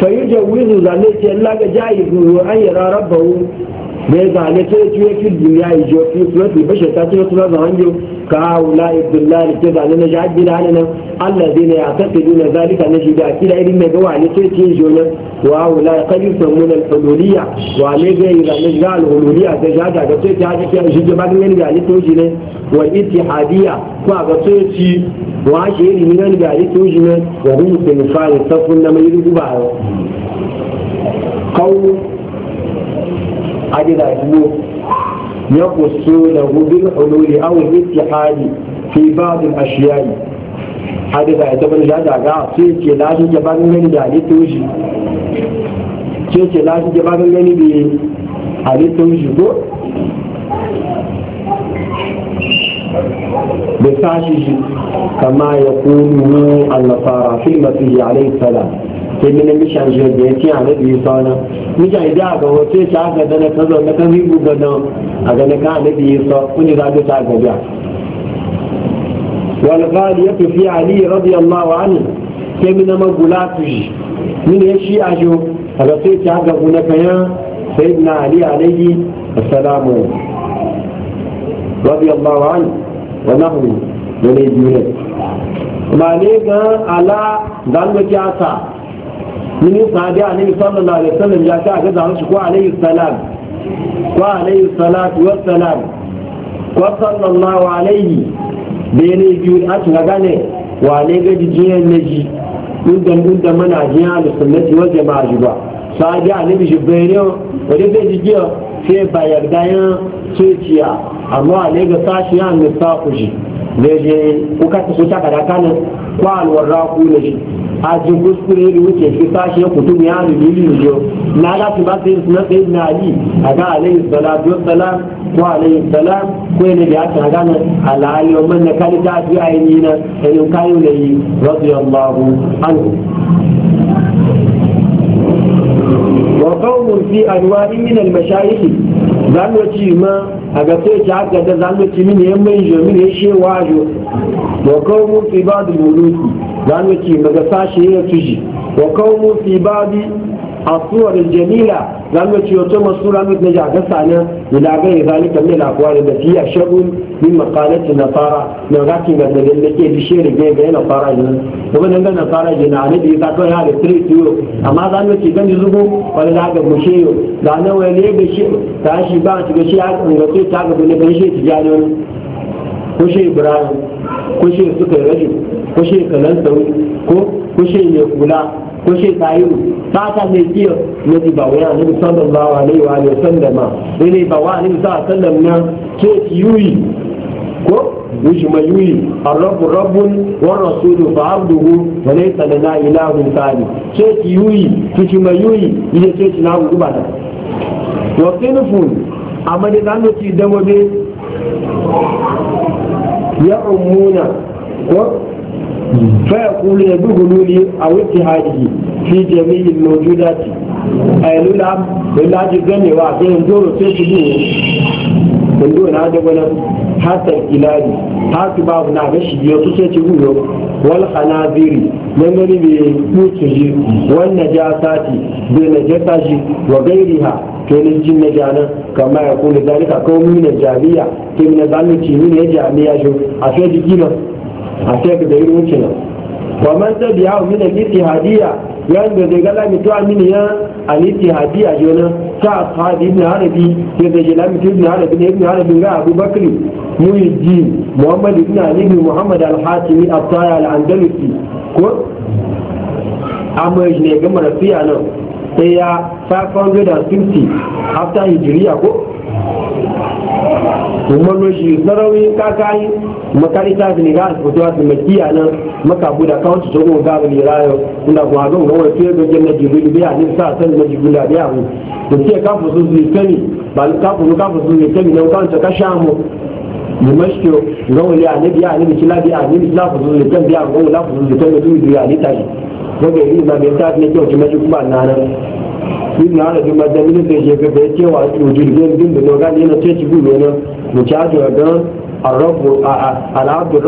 فيجوز ذلك إلا جائز أن يرى ربه بيزا نتيجة في الدنيا يجو في سورة البشر تاتي وصلة عنده كهؤلاء الضلال تبع لنا جعد لعننا الذين يعتقدون ذلك نجد أكيد إلي ما جوا على تيجونا وهؤلاء قد يسمون الحلولية وعليه إذا نجد الحلولية تجاد على تيجي هذا كي أجد بعد من جعل تيجينا والاتحادية فعلى تيجي وعشر من جعل تيجينا وهم سنفعل الصفن لما يريدوا بعض قول عدد أجلوه يقصونه بالحلول أو الاتحاد في بعض الأشياء حدث إذا اعتبر جادا قاع سيكي لازم جبان مني جالي توجي سيكي لازم جبان مني بي علي بو بساشي كما يقوله النصارى في المسيح عليه السلام sai na mishan shi da ya tiya da biyu sauna mishan idan a ga hoto ya ta ga dana ta zaune kan ribu ga nan a ga na ka da biyu sa kuni za ta ga biya wal ghaliyatu fi ali radiyallahu anhu sai mina magulatu shi min ya shi ajo a ga sai ta ga guna kayan sayyidina ali alayhi assalamu radiyallahu anhu wa nahwu da ne biyu ne ma ne ga ala dan ga ta mini sahabi annabi sallallahu alaihi wasallam ya ta ga zama shi ko alaihi salam ko alaihi salatu wassalam ko sallallahu alaihi da ne biyu a cikin gane wa ne ga jiyan naji inda inda mana jiya da sunnati wal jama'a juba sahabi annabi jibril wanda bai jiya sai ba yarda yan tsociya amma ne ga sashi ya nufa kuji ne je ku ta ku ta kada kanin ko alwarra ku ne shi àti gbósùkúrẹ́ ìlú wíkẹ̀ fi fáṣẹ na ní àrùn nílùú ìjọ náà láti bá ko ìṣúná ṣe ìdìnnà àlì àgá àlẹ́ ìṣọ̀lá bí ó sọlá kó àlẹ́ ìṣọ̀lá kó ẹni bí àti àgá náà àlàyé ọmọ ní kálíkà àti àìní náà ẹni káyọ̀ lẹ́yìn rọ́bì ọmọ ma a وقوم في أنواع من المشايخ زانو ما أقصي شعب قد زانو من يمين جميل يشي واجو وقوم في بعض الملوك za mu ci maga sashe ya tuji wa qaumun fi babi الصور الجميلة لأنه تيوتو مصورة مثل نجاة سانا إلى غير ذلك من الأقوال التي هي شر من مقالة النصارى نغاتي مثل التي بشير بين بين النصارى ومن عند النصارى جنا عليه إذا كان هذا تريد يو أما لأنه تيجان يزبو ولا لا قبل شيء لأنه وليه بشيء تعيش بعض بشيء عن غطي تعب من بشيء تجانون kushe ibrahim kushe suka yi rajin kushe kanan sauri ko kushe ya kula kushe tayiru ba ta mai kiyar na ji ba wani annabi sallallahu alaihi wa alihi sallama ne ba wa annabi sallallahu alaihi wasallam na ke yuyi ko wuce mai yuyi arrabu rabbun wa rasulu fa abduhu wa laysa lana ilahun thani ke yuyi kici mai yuyi ide ke ci na gudu ba ta wa kinfun amma da zan ci يعمون فيقول بغلول أو اتهاده في جميع الموجودات أي للعب بالعج الزمي وعطيهم دور تشبه من دون هذا ولا حتى الإلهي حتى بعض نعمش بيوتو تشبه والخنازير من بيوتجي والنجاسات بنجاسات وغيرها كان الجن جانا kama ya kone zalika ko mina jami'a ke mina zalunci mina ya jami'a shi a sai jiki nan a sai ka da irin wuce nan wa man zabi ya mina litihadiya yan da zai gala mito ya a litihadiya shi wani ta sahabi ibn harabi ke zai jela mito ibn harabi ne ibn harabi ga abubakar muhijji muhammad al-andalusi ko ne nan sai ya 550 after hijiriya ko kuma shi sarauni kakayi makarita su ne ga asibitowa su makiya nan maka buda kawai su sogo ga bani rayo inda kuma zan ga wani fiye gajiyar na jibiru biya ne sa san na jibiru da biya mu da ce kafa su su kani ba kafa su kafa su kani na kawai ta kasha mu dimashkiyo ga wani a ne biya ne bikila biya ne bikila su su kani biya ga wani lafa su su kani da su biya ne tashi daga yi mai tafi ne kyau ki mashi kuma na nan yin na da da ce ci gudu ne mu ci rabu rabu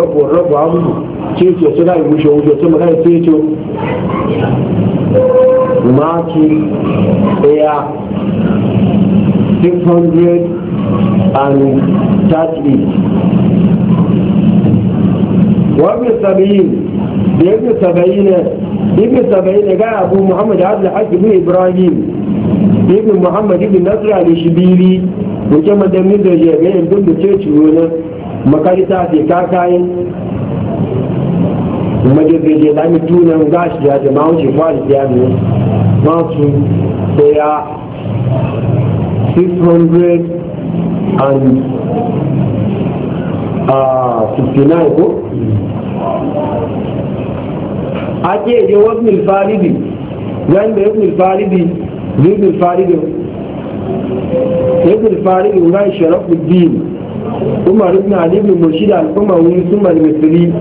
ce su yi mushe wuce su ce ce maki sabiyin da ibn saba'in ibn saba'in ga abu muhammad abdul haq ibn ibrahim ibn muhammad ibn nasr al-shibili wuce madamin da ya ga yin dun da ce ciwo na makarita ce kakayin majalbe je lami tunan gashi ya jama'a wuce fari daya 600 and uh, ah, 59 ko ake je wasu milfaridi wanda ya milfaridi zai milfaridi ya milfaridi wani sharafuddin umar ibn ali ibn murshid al-umawi umm summa al-misri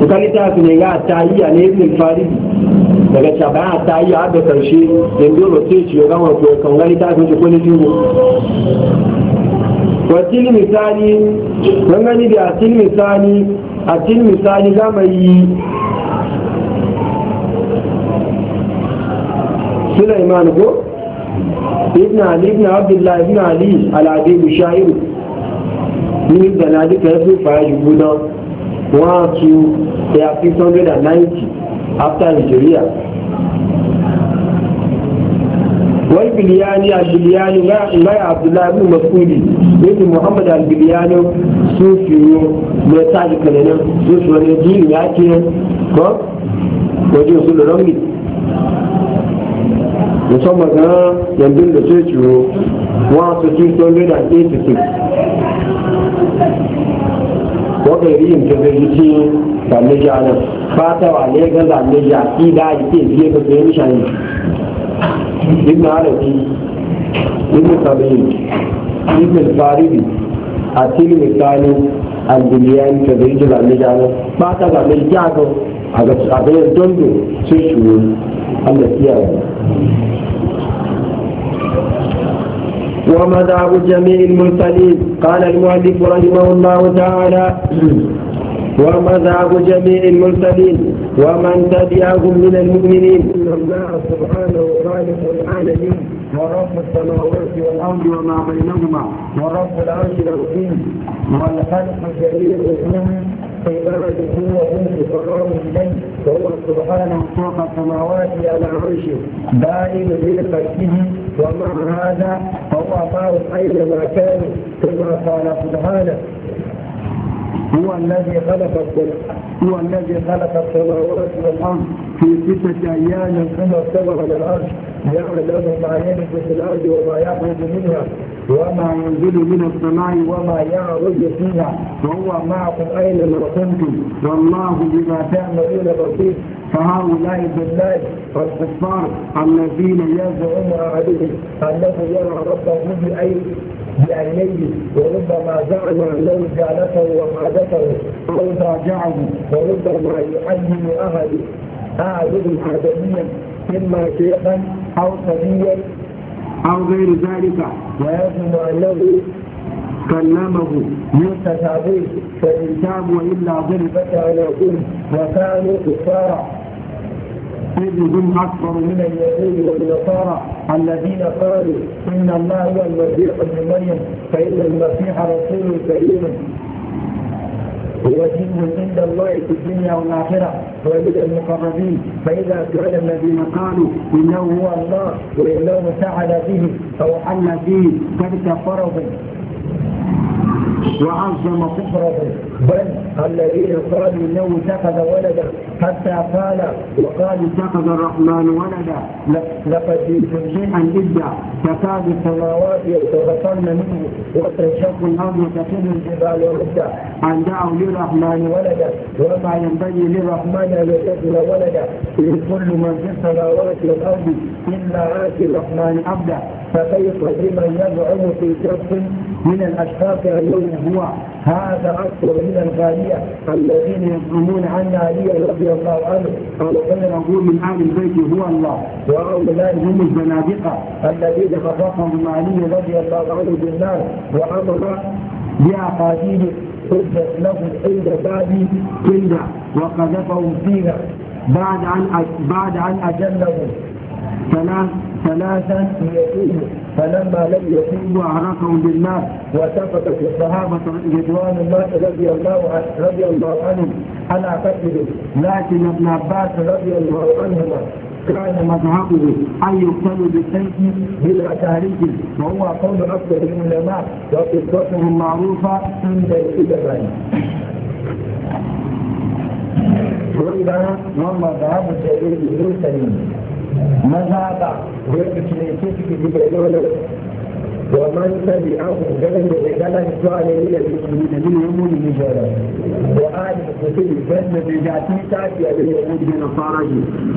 kokali ta su ne ga tayiya ne ibn faridi daga caba a tayiya da karshe yanzu rote ciyo gama ko kan gani ta su ko ne jibo wa tilmi tani wan gani da tilmi tani a cikin misali za mu yi Sulaiman ko ibn Ali ibn Abdullah ibn Ali al-Adib sha'ir ni da na duka yasu fa yi gudan 1290 after Nigeria والبلياني البلياني ما عبد الله بن مسعود بن محمد البلياني صوفي ميتاج كلنا صوفي ونجيل ياتي كو وجه صلى رمي musamman ga yanzu da sai ciwo wasu cikin leda wata wakari yin ta zai ci zane jana fata wa ne ga zane ja ki da ake biye ga zai nishani ابن عربي ابن طبيب ابن الفاربي أتيل مثالي البليان كبيرج الأمجانة بعد الأمجانة أغير دندو تشوي التي ومذهب جميع المرسلين قال المؤلف رحمه الله تعالى ومذهب جميع المرسلين ومن تبعهم من المؤمنين الله سبحانه خالق العالمين ورب السماوات والأرض وما بينهما ورب العرش العظيم والخلق الجليل الإسلام في درجة هو قرار الليل وهو سبحانه فوق السماوات على عرشه بائن بخلقه ومع هذا فهو أعطاه ما كان كما قال سبحانه هو الذي خلق هو الذي خلق السماوات والأرض في ستة أيام ثم استوى على العرش يعلم ما في الأرض وما يخرج منها وما ينزل من السماء وما يعرج فيها وهو معكم أين كنتم والله بما تعملون بصير فهؤلاء بالله الكفار الذين يزعم عليهم أنه يرى ربه بأي بعينيه وربما زعم لو جعلته ومعدته أو راجعه وربما يعلم أحد أعبد آدميا إما شيخا أو صبيا أو غير ذلك ويظن أنه كلمه من تتابيه فإن تاب وإلا ضربت على كل وكانوا كفارا إذ هم أكبر من اليهود والنصارى الذين قالوا إن الله هو المسيح ابن مريم فإن المسيح رسول كريم ودين عند الله في الدنيا والآخرة ويدعو المقربين فإذا سئل الذين قالوا إنه هو الله وإنه فعل به أو حل فيه قد فرضه وعظم كفره بل الذين قالوا انه اتخذ ولدا حتى قال وقال اتخذ الرحمن ولدا لقد جئتم شيئا جدا تكاد السماوات يتغطرن منه وتنشق الارض وتخر الجبال ردا ان دعوا للرحمن ولدا وما ينبغي للرحمن ان يتخذ ولدا ان كل من في السماوات والارض الا اتي الرحمن عبدا فكيف لمن يزعم في شخص من الاشخاص الذين هو هذا اكثر سبيل الغالية الذين يظلمون عن علي رضي الله عنه قال نقول من أهل البيت هو الله وهؤلاء هم الزنادقة الذين فرقهم علي رضي الله عنه بالنار وأمر بأقاديم حجت لهم عند باب كلا وقذفهم فيها بعد أن بعد أن أجلهم ثلاثا فلما لم يتوبوا عرفهم بالماء واتفقت الصحابة رضوان الله رضي الله عنه رضي الله عنهم على قتله لكن ابن عباس رضي الله عنهما كان مذهبه أن يقتل بالسيف بلا تاريخ وهو قول أكثر العلماء وقصتهم معروفة عند الإدبان وإذا وما ذهب الجليل السليم مذهبا ويبكي ليتيك بجبله ومن تبعهم جلد رجالا سؤال الى المسلمين من يمون رجالا وآل الكتب فإن بذاتي تأتي أبي اليهود بنصارى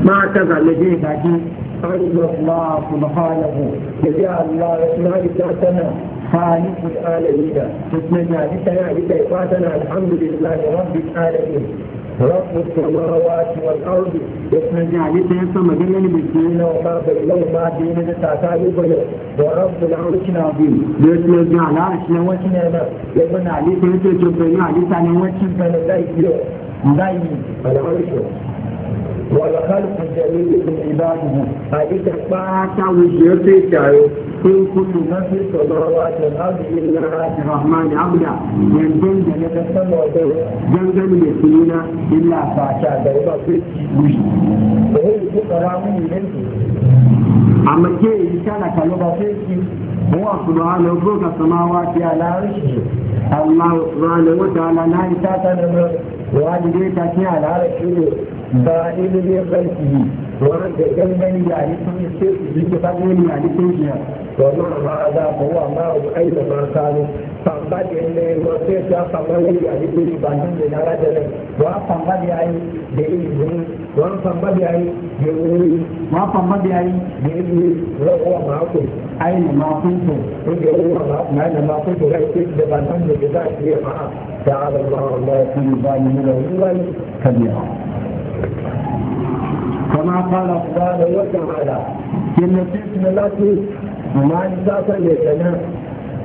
ما كذا لديه باقي أرض الله سبحانه يجعل الله يسمع بذاتنا خالق العالمين تسمى ذاتنا بتيقاتنا الحمد لله رب العالمين رب السماوات والأرض يسمى جعلت يسمى جنن بالدين وما بينهما دين تعتاد به ورب العرش العظيم يسمى جعل عرش نوتنا يسمى عليك يسمى جبريل عليك عن وجه من الله الله العرش والخلق جميل من عباده هذه تقطع وجهتك إن كل نفس السماوات والأرض إلا آت الرحمن عبدا من جند يتسمى به جند من السنين إلا فاشا دوبا في وهو الفقراء من يمشي أما كي يشانا كلوبا في هو سبحانه فوق السماوات على عرشه الله سبحانه وتعالى لا يتاتى من ذلك على عرشه ba'il zai qalbihi wani da gangan ya yi sun ce su ji ba ne ya yi sun ji wannan ma za ko wa ma a ai da barka ne famba da ne ko ta famba ne ya yi sun ba ne da na da ne wa famba da yi da yi ne wa famba da yi da yi wa famba da yi da yi wa ma ko ai ne ma kun to ko da wa ma ne ma kun to kai ce da ban da da ya ma ta'ala Allah Allah ya ba ni da wani kabira كما قال الله وتعالى إن في التي ما نساس لكنا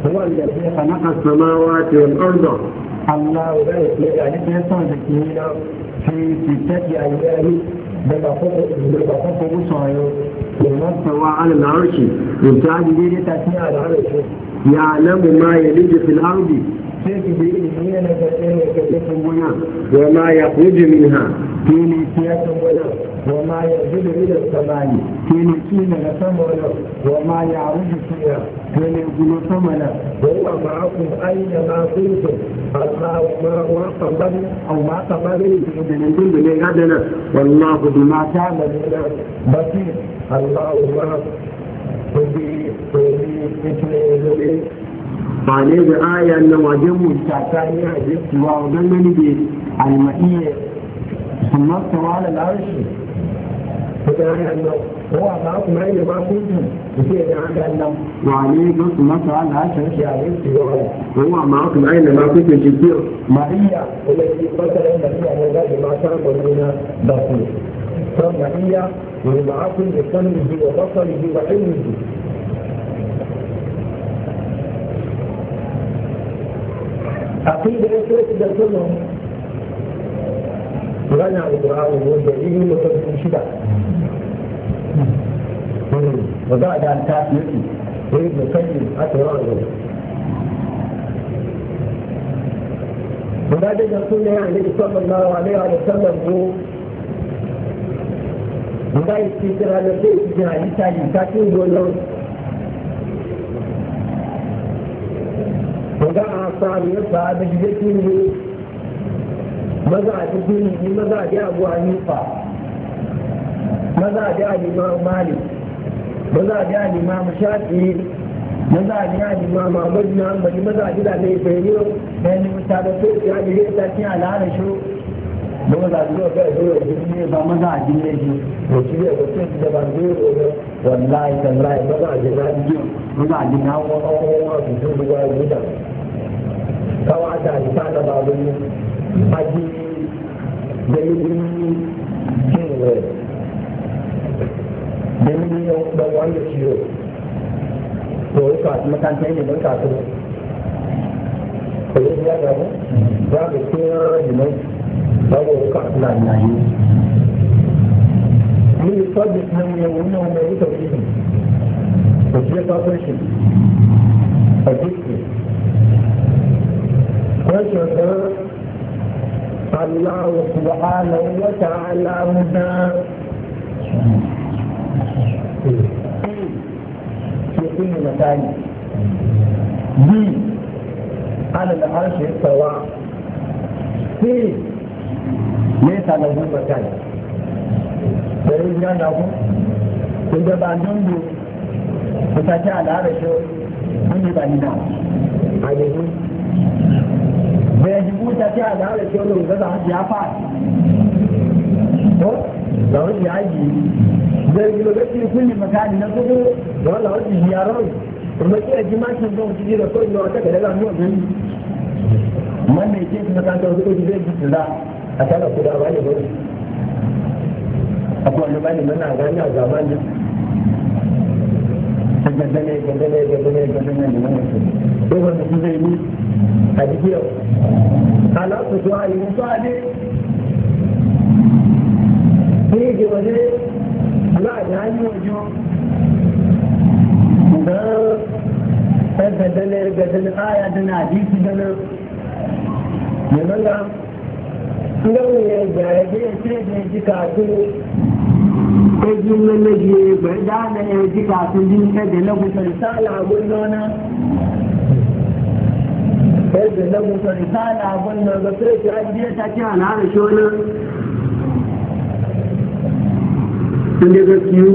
هو الذي خلق السماوات والأرض الله لا يخلق يعني بيسان ذكينا في ستة أيام بالأخوة بصعيو والمستوى على العرش والتعدي لي تأتي على العرش يعلم ما يلج في الأرض sai su yi ne na ga tsere ga tsakan wana ga ma ya kuje min ne ya san wana ga ma ya zuba ido ta bani ne ki ne na san wana ga ma ya wuce ki ya ke ne ku na san wana ga wa ma ku aina ma ku ce amma ma wa ta bani da nan din da ne ga da nan wallahi ma ta ma ne da basir allah wa ku bi ba ne da aya nan wajen mu shaka ne a jefi wa wajen mani da almahiyya amma tawa da larashi kuka yi annan kowa ba ku mai da ba ku ji ke da hakan nan wa ne ga su masa ala shi a jefi wa kowa ma ku mai da ba ku ji ji mariya kuma ji fasarin da iya ne gaji ma ta gwamnina da ku san mariya ومعكم بقلبه وبصره وعلمه akwai da yake shi da sun nan ranya al-qur'an ne da yi mu ta shida wa da da ta yi ne sai da kai a ta yawa ne mun da da sun ne an yi sallallahu alaihi wa sallam ko mun da yi tsira da sai ji hali ta yi ta tun gona ga asar ya sa da jiki ne maza da jiki maza maza a al-imam malik maza a al-imam shafi'i maza da al-imam ahmad bin hanbali maza da ne bayyano da ne mutabato ya ta cikin al'ada shi Ba za a zuwa kai zuwa jirgin ne ba maza a jirgin ne da shi ne ba sai da ban zuwa da wallahi tallahi maza a jirgin ne maza a jirgin hawa hawa hawa su zuwa gudan káwá àtàrí sáàdà bá lóyún ajé dẹ́lẹ́gbẹ́ kí n rẹ̀ dẹ́lẹ́gbẹ́ yẹn gbẹ wọ́n lè ṣe o lórí kọ́ àti mẹ́tàntẹ́ yìí ló ń kàtó òye bí a dàbọ̀ wọ́n á lè pé rárá yìí lọ báwo ló kà sí láàyè àyè. Ní ìtọ́jú fún mi, òun náà mọ orúkọ yìí. Òṣìṣẹ́ كشف الله سبحانه وتعالى هدى في كل مكان دي على العرش استوى في ليس كل مكان فإذا له إذا بعدين بتاتي على العرش عندي بعدين عليه bayan dubu ta ce a da halatta wani rubuta da hajji ya fara ko da wani ya yi zai yi lokaci kullum makani na kudu da wani wani ya rawai kuma kira jimakin don ciki da kawai yawa daga daga nuna gani man mai ke kuma kanta mana gani gandane gandane gandane gandane gandane sai wanda su zai yi a jikiyar alaƙa su a yi musu a ne sai ke waje ala a ga hanyar wajo ga ta gandane gandane aya da na jiki da nan yanzu ga ɗan ne ga ya ce ce ji kafin ẹgbẹ́ lẹ́lẹ́gbẹ́ ẹgbẹ́ dáadáa da kàtó ní ẹgbẹ̀lẹ́gbẹ̀ sọ̀rọ̀sáàlà agbóyọ́nà ẹgbẹ̀lẹ́gbẹ̀ sọ̀rọ̀sáàlà agbóyọ́nà gbẹ̀fẹ́ ìṣẹ́ ajé tàkí àlàáre ṣọ́nà ẹgbẹ̀gbẹ̀ kí ó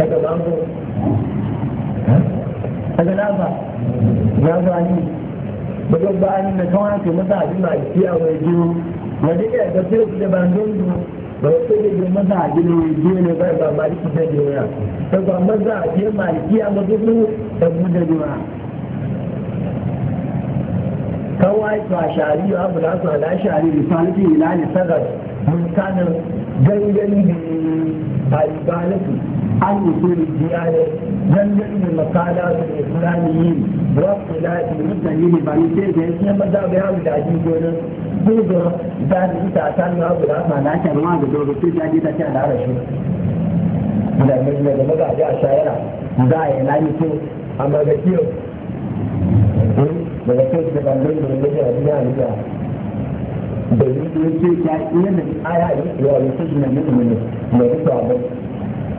a lọ ẹgbẹ̀gbẹ̀ wani ne ga sai da ban don ba ya sai da maza a gina biyu ne ba ba maliki da jira ta ba maza a gina malikiya ma dubu da mu da jira kawai to a shari ya abu da su ala shari risalati ila ne sagar mun kanin gangan da alibalitu an yi su rijiyaye don da ilimin masala su ne kurani yi ba su da da ya fi yamma za da ji gonin gudun za ni ita a kan hau da ta kyan lara shi da mai mai da maza ya shayara za yi na da bambam da rage a duniya ne da yi yi yadda aya yi yawon sosai na mutum ne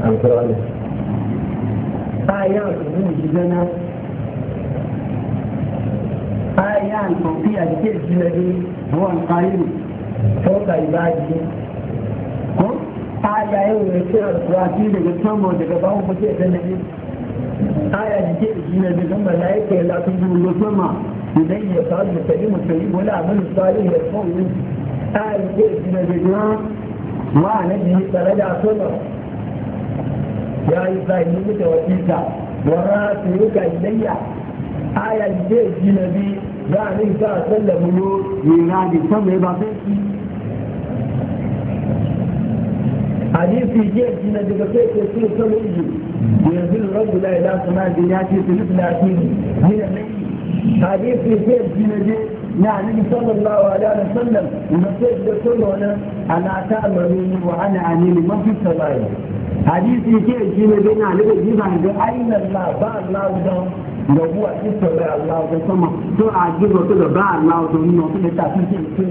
àǹfọ̀rọ̀ rẹ̀. Báyà òṣèlú ìṣúgbẹ́ náà. Báyà àǹfọ̀fí àdìsẹ́ daga ní daga àǹfààní fọ́ọ̀kà ìbáàjì. Kó báyà yóò rẹ̀ sí jina àti ìdègbè sọ́mọ̀ ìdègbè báwọn kò tẹ̀ sẹ́lẹ̀ ní. Báyà àdìsẹ́ ìṣúlẹ̀ ní gbọ́mọ̀ láìpẹ́ látúndú ló sọ́mọ̀ ìdẹ́ ìyẹ̀fà lùtẹ̀lé ya wọlé àmúlù sáré ìyẹ̀fọ́ òun. Báyà na ìṣúlẹ̀ ní da wà ya isa inni da wakilta wa rafi'uka ilayya aya je ji nabi za a nin sa sallamu yo miradi sama ya ba sai ki hadisi je ji nabi ga sai ko sun sama yi yanzu rabbu la ilaha illa huwa ya ce su la tini ni ne hadisi je ji nabi na nabi sallallahu alaihi wasallam na sai da kullu ana ta'maluni wa ana anili man fi samai hadisi ke shi ne bai na daga jiba ga ainihin Allah ba Allah don da huwa isa bai Allah don sama to a jiba to da ba Allah don nuna su da tafi ke ce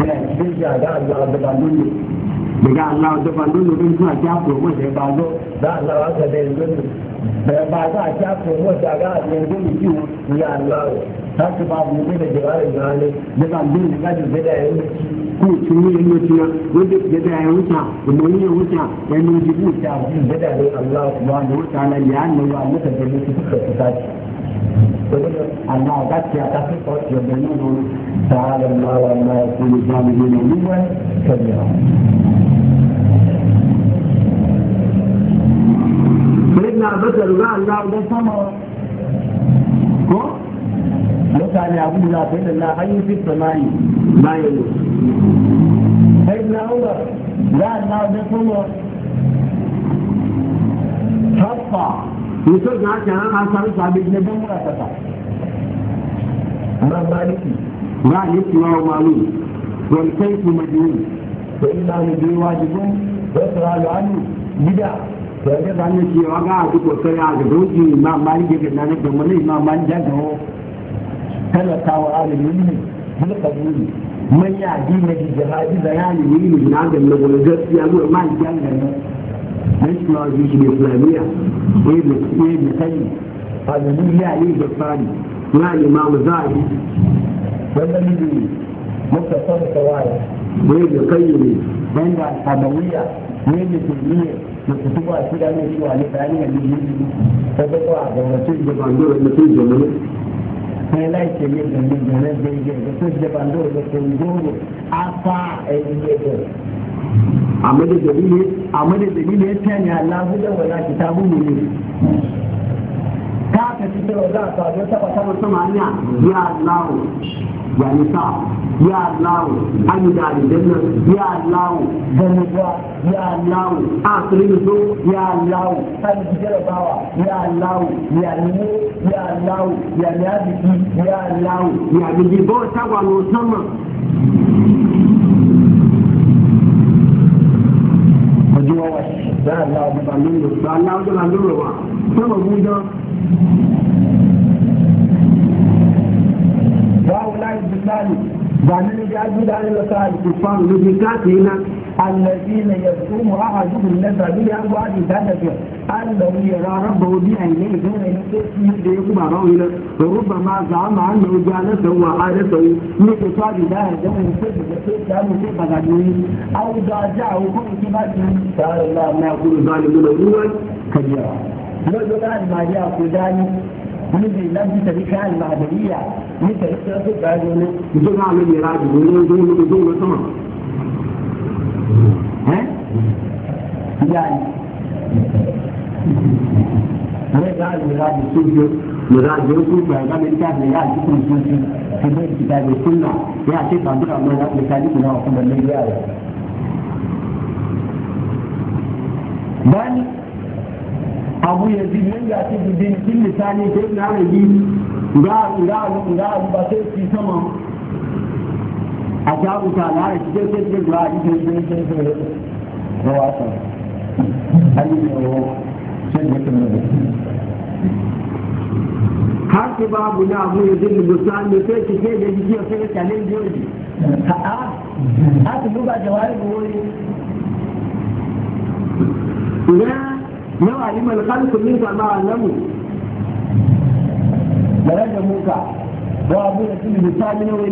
da ya ga Allah da ba daga Allah da ban dole suna ko da ba da Allah ka da yanzu da ba za a ta ko ga yanzu mu ta ka ba mu da jawari ga ne da ban dole ga da da ko ci na wanda da da yanzu ta da mu ne wuta da mu ji ta da da da ne أما ذاك يعتقد يبينون تعالى الله وما يكون الظالمين علوا كبيرا. سيدنا بشر قال الله ده سما mutane abu da ta yi na hanyar fi samani bayan yau. Sai na umar za a na wajen kuma haffa mutum na ta nan an samu sabi na don mura kasa amma maliki ba ne ki wa malu wal kaifu majnun fa illa ni bi wajibun wa saralu anu gida. to ga zan ne wa ga a ko sai a ga doki ma maliki ga nan da mun ma man da go kala tawo alimin bil qabuli man ya dina bi jihadi bayani ni na da gaskiya ma jihadi نسمع به الإسلامية ابن تيمية هذا من لا يوجد ثاني مع الإمام الزاهد والذي مختصر الرواية وابن القيم عند الحموية وابن تيمية مكتوبة كده من شو على ثانية من يجي فتقع دولتين جباندور المتين جمالي فلا يتميز من جنازة يجي بس جباندور بس يجي أصع يجي amma da dalili amma da dalili ya tanya Allah da wala kitabu ne ka ka ci da wala ta ga ta ta sama hanya ya Allah ya nisa ya Allah an da dinna ya Allah da mutuwa ya Allah asirin so ya Allah kan jarabawa ya Allah ya limu ya Allah ya nabi ya Allah ya bibo ta wa musamman jíwọ́ wẹ̀ bẹ́ẹ̀ lọ báwo láì bí láì بعدين جاء جد عن الوسائل الكفار لذكاتنا الذين يزعم احدهم لدى بلا بعد ذلك انه يرى ربه بعينيه دون يكفيه ليقوم راوينا وربما زعم انه جالسه وحادثه من قصاد الله دون يكفيه ليقوم كانوا في بغداد او ضاجعه كل كباتنا قال الله ما يقول ظالمون روا كبيرا رجلان ما جاء في ذلك níbi ìlàjì tẹ̀lé ká ìlà àbẹ̀yíyà ní tẹ̀lé tẹ̀lé tó gbà yẹn ní ìjọba àmì ìlera àdìgbò ní ojú ní ojú ní sọ̀rọ̀. Ìyá yìí, àwọn ìlà ìlera àdìgbò tó jẹ́ lọ́dà jẹ́ kó gba ẹ̀ka mi ká lè yáa dúkùn tó ti ti lé ìta ìwé fún náà ní àti ìbàdúrà mọ́ ẹ̀ka mi ká dúkùn náà fún ẹ̀mí ìyá rẹ̀. Báyìí. abu ya ji mun ga ci kin misali ko na rage ga ga ga ba sai ki sama a ta na rage sai sai sai ga wasa ali ne ko sai ta ne har ki babu na abu ya ji misali sai ki ke da jiki sai ka ne joji ka a a ki buga jawabi ko na alimal khalqu min ma alamu bare da muka wa abu da kin misali ne da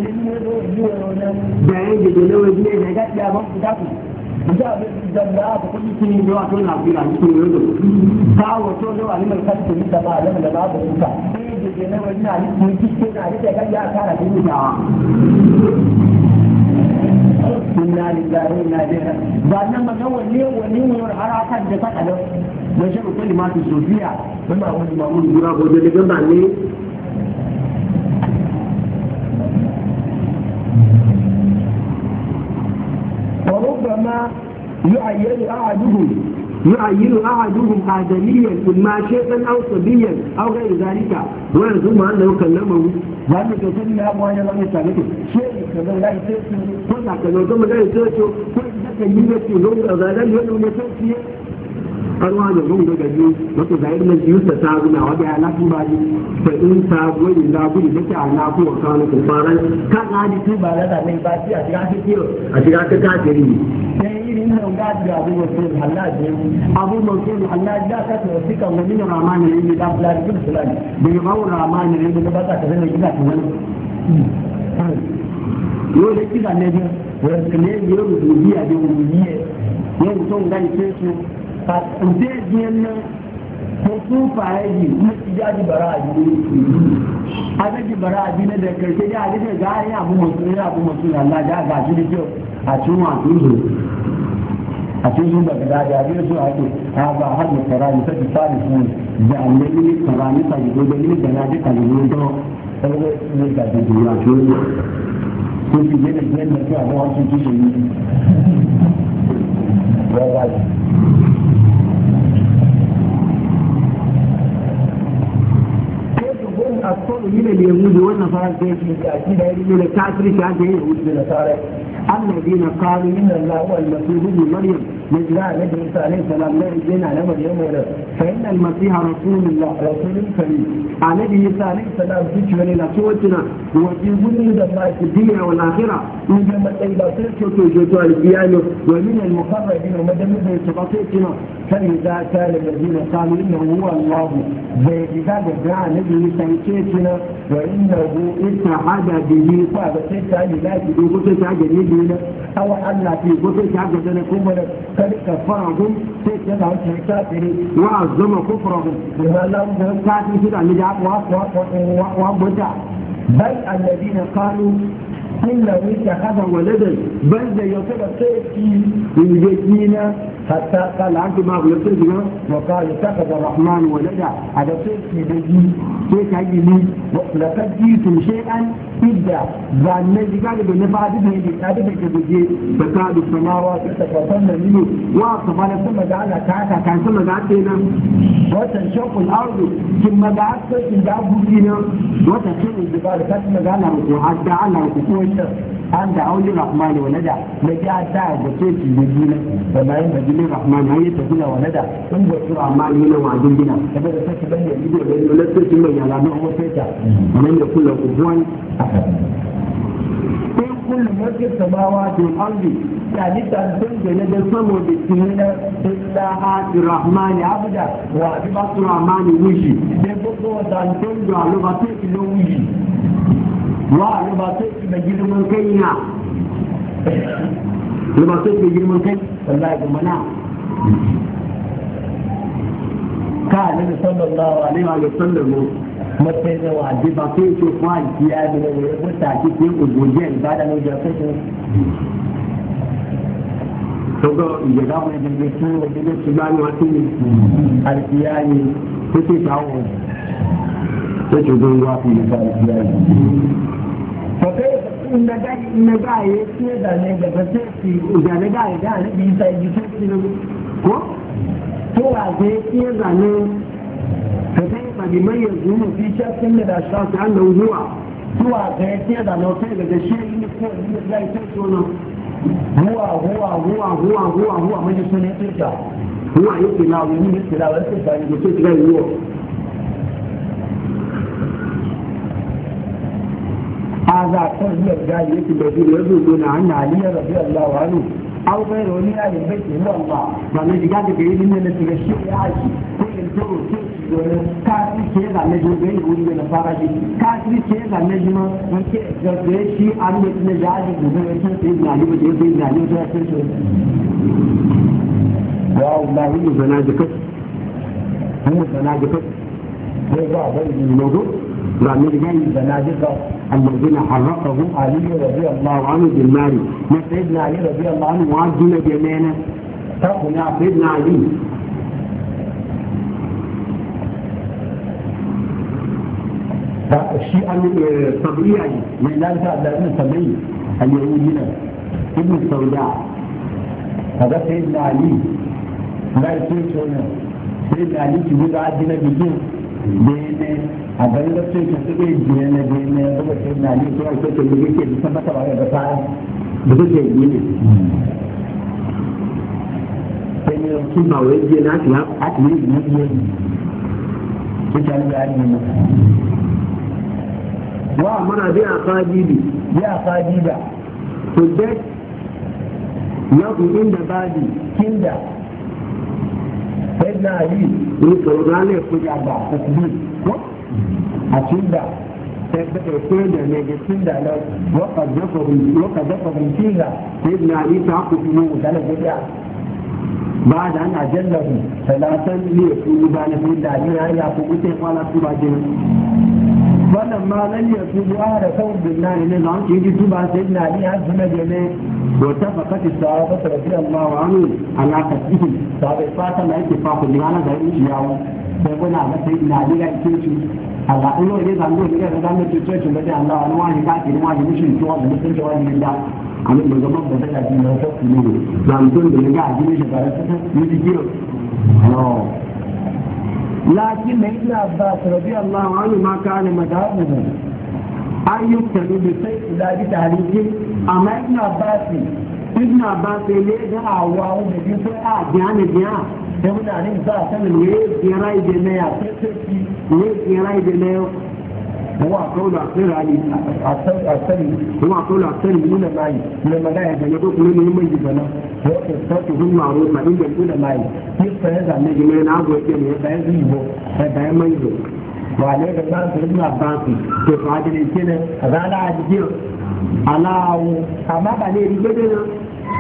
yake da ba na ne ne na na inna lillahi wa inna ilaihi ba nan ba har da ta kadan da shi ko limatu sofiya kuma wani mamun gura ko ba ne يعين أحدهم آدميا إما شيخا أو صبيا أو غير ذلك وأنا ثم أنه كلمه ذلك سنة أبوانا لم يتعلمه شيء كذا لا يتعلمه قلت لك لو ثم لا يتعلمه قلت لك إذا لم يتعلمه يتعلمه karuwa da zuwa da gaji wata zahir na biyu ta ta guna wadda ya lafi ba ji ta in ta gwani da gudu da ke an lafi wa kanu kufaran kan hali tu ba na da mai ba ci a shiga ta kiro a shiga ta kafiri sai tafsiri ina ga da abu mansur hallaji abu mansur hallaji da ka tafi kan wani ramani ne da fulani bin fulani yi mawun ramani ne da ba ta tafi da gida ta wani yau da kida ne da wani yau da dubiya da wuriye yau mutum gani sai su ka zai biyan nan ko su yi ji kuma ijaji bara a jini agaji bara a jini da karshe da ga ya abu masu ya abu masu Allah da ga shi da kyau a cikin wasu a cikin daga dajare su ake a ba har da karani ta tsari sun da annabi karani ta gido da ni da na ji kalmi da ɗaya ne da duniya ce ne ko ki ne da ɗan da ta hawa su ci ne ya ba أقول من اليهود والنصارى كيف يأتي إلى كافر كافر يهود ونصارى الذين قالوا إن الله هو المسيح ابن مريم من لا الذي عليه السلام لا يجينا على مريم ولا فإن المسيح رسول الله رسول كريم الذي عيسى عليه السلام ذكر إلى صوتنا وجيبون إلى الله الدنيا والآخرة من جمع الإباطير صوته جوتوا القيامة ومن المقربين ومدن إذا صفاتنا فإذا كان الذين قالوا إنه هو الله فإذا دعا الذي سيتنا وإنه اتحد به فأبتدت أن لا تدوبت تجريبه na awa Allah fi gobe ta ne kuma da ka fara sai ka da wata ta tare wa zama kufra gun da Allah da ka ji da ni da wa wa wa wa bai alladina qalu إلا اتخذ ولدا بل ده يصير سيفتي ويجينا حتى قال عنده ما يصير وقال اتخذ الرحمن ولدا على سيفتي بجي سيفتي هجي لقد جيتم شيئا إبدا ظن قال بنفع عددها يجي عددها كبجي فكاد السماوات تتفصلن منه واقف على ثم جعلها تعالى كان ثم جعلتنا وتنشق الأرض ثم جعلت سيفتي جعلت بجينا وتنشق الجبال ثم جعلها وعد على الكفوة sunna an da aujin rahman wa nada na ji a ta da ke ci da gina da bayan da gina rahman har yi tafiya wa nada in ba su rahman yana wa gina da ba da sake ban da ido da yana sai mai yana na kuma sai ta nan da kullu kuwan in kullu mulkin samawa da ardi yani tantan da na da samo da kinina illa ha rahman abda wa bi ba rahman wuji da ko tantan da lokacin wuji wa ne ba sai ki girman kai na ne ba sai ki girman kai wallahi kuma na ka ne da sallallahu alaihi wa sallam mace da wa ji ba sai ki kwa ki ya da ne ko ta ki ki ugoje ibada ne da sai Sogo ìjọba wọn ẹgbẹ̀rún fún ẹgbẹ̀rún ṣùgbọ́n àwọn tí àti ìyá ni tó ti ta yake zai ya fi da ya yi ga ga ya ce da ne da ba ki ne ga ne bi sai ji ki ko to wa ga ya ce da ne sai ba bi mai fi da an da zuwa ga ya ce da ne sai shi ne ko da ce to huwa huwa huwa huwa huwa huwa mai sunan tsirka huwa yake na wani ne tsirka ne ke هذا تنهي الجاهلية الذي يزودون عن علي رضي الله عنه أو غير ولي آل البيت إلا الله ما نجي قال لك إيه إن نسي الشيء عاشي كل الدور كل كاتري شيء ذا نجم بين قولي بين فارجي كاتري شيء ذا نجم من كي جرده شيء عن يتنى جاهلي بزر يتنى سيد نالي بجيب بيد نالي بجيب بيد نالي يا الله هم زنادقك هم زنادقك بيضا بيضا بيضا ضمير جاي يعني الزنادقه الذين حرقهم علي رضي الله عنه بالنار ما سيدنا علي رضي الله عنه معجنا بيمانه تقوا يا سيدنا علي الشيعة آه، الطبيعي من ذلك الذين الطبيعي اليهودين ابن السوداء هذا سيدنا علي لا يصير سيدنا علي في جزء عندنا بيجين bene a ganin da sai kan take jiya na ta yi ne ne su a wa mana bi a fadidi bi a fadida to dai ya ku inda badi kinda sayyidina ali ni to na ne ko ya ba ko kuma ko a cinda sai da ke da ne da cinda la ka zafa waka zafa bin cinda sayyidina ali ta ku bi mu da na gudiya ba da ana jallahu salatan ne ku ba na sayyidina ali ya ku ku sai kwala ku ba jin wannan ma lan ya tubu a da kawun billahi ne zan ke ji tuba sai na ni har suna gane to ta fakati sahaba ta rabbi Allahu anhu ala kasihi sahabai fata na yake fa kulli ana da yin yawo sai kuna ga sai na ni ga kinci Allah in ne zan zo ne zan ce ce ba da Allah an wani ka ki wani mishin to wani mishin to wani da amma ba zaman da ta ji na ko ne zan zo ne ga ji shi ba ta ni ji yo لكن ابن عباس رضي الله عنه ما كان مذهبه أن يقتلوا بسيف لا بتعريف أما ابن عباس ابن عباس ليه دعوة النبي صلى الله عليه وسلم يقول عليه الصلاة والسلام ويجي رايد النيا ويجي رايد النيا wa kaula tsira ni a sai a sai kuma kaula sai ni na mai ne mala ya ne ko kuma ne mai gida na ko ta ta ku hin ma ro ta inda ku da mai ki sai da ne ni na go ke ne da yi bo da da mai do wa ne da ta ku na ba ki to ka ji ne kene rana a jiyo ala amma ba ne ri gede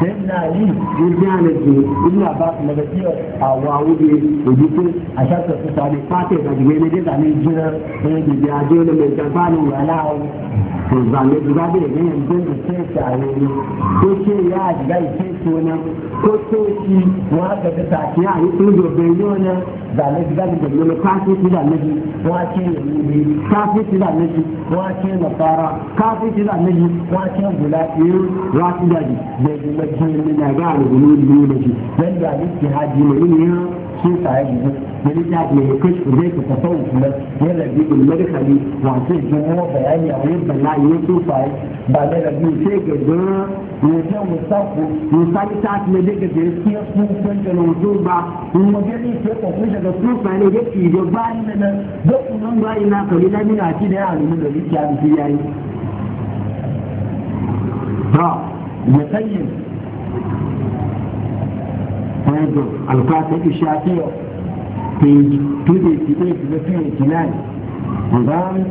sẹ́yìn àlì gbogbo àlejò inú àbá tìlẹ̀kẹ̀ tí àwọn àwọn obì òbí pé àṣàtọ̀ sísọ ní pátẹ̀ ìbàdìgbẹ́ ẹni dẹ́ta ní jẹ́ ẹni dìde àjẹ́ olómẹ̀jẹ̀ bá ní ìyàlá ọ̀hún. zane duba da yanayi yanzu da ke tare ne ko ce ya shiga ike tona ko ce shi wa ga ta tafi a yi tsundo bai yi wani zane duba da yanayi ka fi ti da nabi wa ce yanayi ka fi ti da nabi wa ce fara ka da nabi wa ce biyu wa ti da ji da yi mace na ga alhulu biyu da shi don da ni ki haji mai yin shi tare da na nisa ke kashi zai ka tafa wuce na rabi in markali wace jimo bayani a wani bala ya so fayi ba na rabi sai ga jimo ya ce musamman ya sami ta fi na daga jiri su ya su san da na wuce ba in magani ke kwafi daga su fayi ne ya ke da bayan na zafi nan bayan na kari na nuna ci da yawon nuna da nisa da su yayi. Ba, ya sanya. Ayyukan alfasar ishafiyar page 288 وقال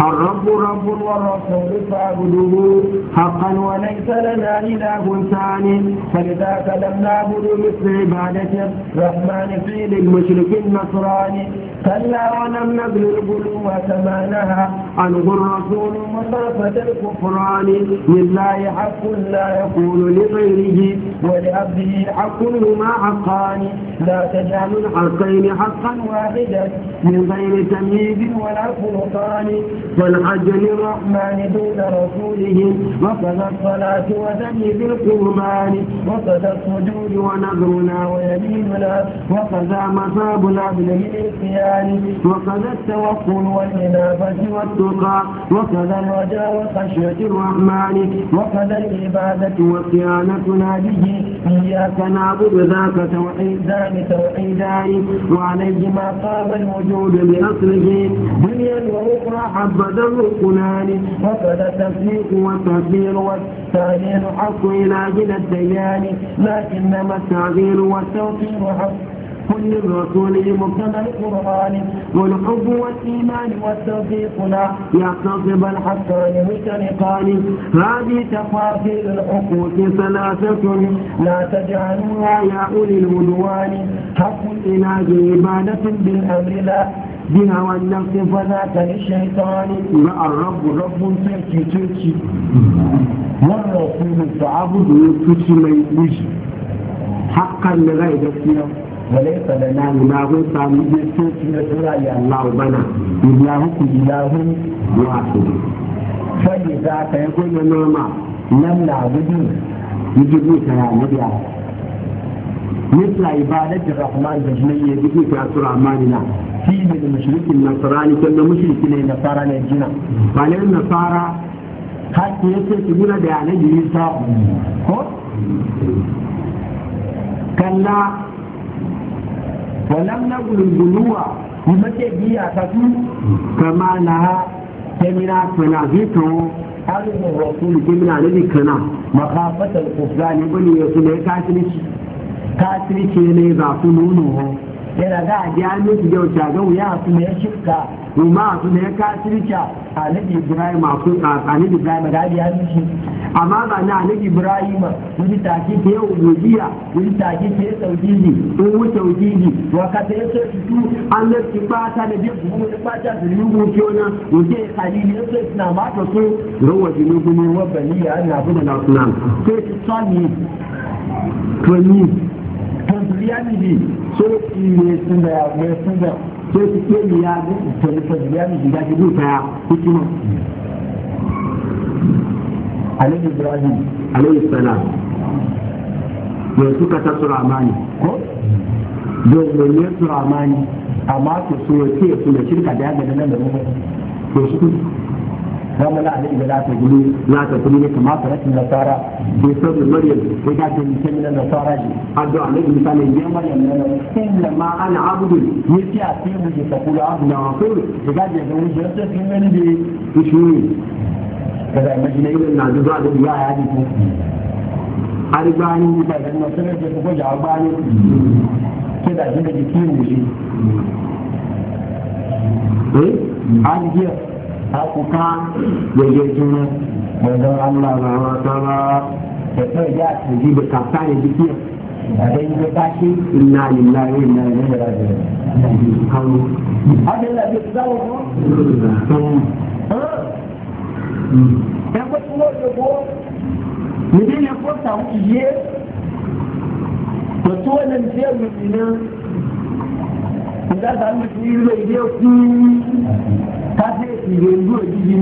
الرب رب والرسول فاعبدوه حقا وليس لنا اله ثاني فلذاك لم نعبد مثل عبادته الرحمن في للمشرك النصراني كلا ولم نبلغ ما نهى عنه الرسول مخافة الكفران لله حق لا يقول لغيره ولعبده حق هما حقان لا تجعل الحقين حقا واحدا من غير تمييز ولا فرقان فالحج للرحمن دون رسوله وكذا الصلاة وزني بالقربان وكذا السجود ونذرنا ويميننا وكذا مصابنا بالقيام الإيمان وكذا التوكل والإنابة والتقى وكذا الرجاء وخشية الرحمن وكذا العبادة والصيانة ناجيه إياك نعبد ذاك توحيدان توحيدان وعليهما قام الوجود بأصله دنيا وأخرى حبذا الركنان وكذا التصديق والتكبير والتعليل حق إلى الديان لكنما التعذير والتوفير حق كل الرسول مبتدا القران والحب والايمان والتوفيق لا يعتصب الحق مترقان هذه تفاصيل الحقوق ثلاثه لا تجعلوها يا اولي العدوان حق العلاج عباده بالامر لا بها والنفس فذاك للشيطان مع الرب رب تركي تركي والرسول تعبد ويكتشي ما يكوشي حقا لغايه السياق وليس لنا إله فمن يا الله بنا إلهكم إله واحد فإذا فيقول نعم لم نعبد يجب يا نبيا مثل عبادة الرحمن بجنية يجب في أسرع مالنا في من المشرك النصراني كنا مشركين النصارى الجنة فلأن النصارى حتى يسوع بيعني يسوع كلا Wa namuna gulubuluwa, mu ma ke biyu a ka fi kamala, kamira, kanna, fitowu, alu magana, kanna, maha, fatar, ko fila, ne bolo yasi ne ka asirici ne za ku nuhu nuhu. Iyana za a ke aminti yau, jami'u ya hafi ma yasi mu ta. Mu ma hafi ma yasi asirici anan iya duka yi ma, ale amma ba na annabi ibrahim wani taki ke yau ubudiyya wani taki ke tauhidi in wu tauhidi wa ka ta yaso tu an da ki ba ta da bi mu da ba ta da yugo ki ona wuce khalili yaso na ma to so rawa ji ne kuma wa baliya Allah kuma na suna ko ki sani to ni tanziliyani bi so ki ne sun da ya mai sun da ko ki ke ni ya ga tanziliyani bi da ki duka hikima Ali ibrahim alayhi salam yau suka ta suramani ko domin ne suramani amma su so ce su da shirka da yaga nan da mutum to su ku kama la alaihi la ta gudu la ta tuni ne kama ta rashin nasara bai sabu da maryam ko ta ce mutum nasara ji addu a alaihi misali ya maryam ne da ma ana abudu ya ce a ce mu ke fakula abu na wasu da ga da ga wani da ta fi mani da shi ne kada ya majina irin na zuwa da biya ya ji har bani ba da na sanar da kuma jawo bani ke da shi da jiki mu shi eh an ji ta kuka ya je juna manzon Allah na wa ta ba da kai ya tsaji da kafa ne jiki a dai ga tashi inna lillahi wa inna ilaihi raji'un kan abin da ke zawo ko ẹgbẹ́ tí wọ́n lè wọ́ níbi ní kó sàwọn ìyé kò tí wọ́n lè fi ẹ̀rù ìná nígbà tá a lè fi na, ilé kú káfí ìwé ìlú òjijì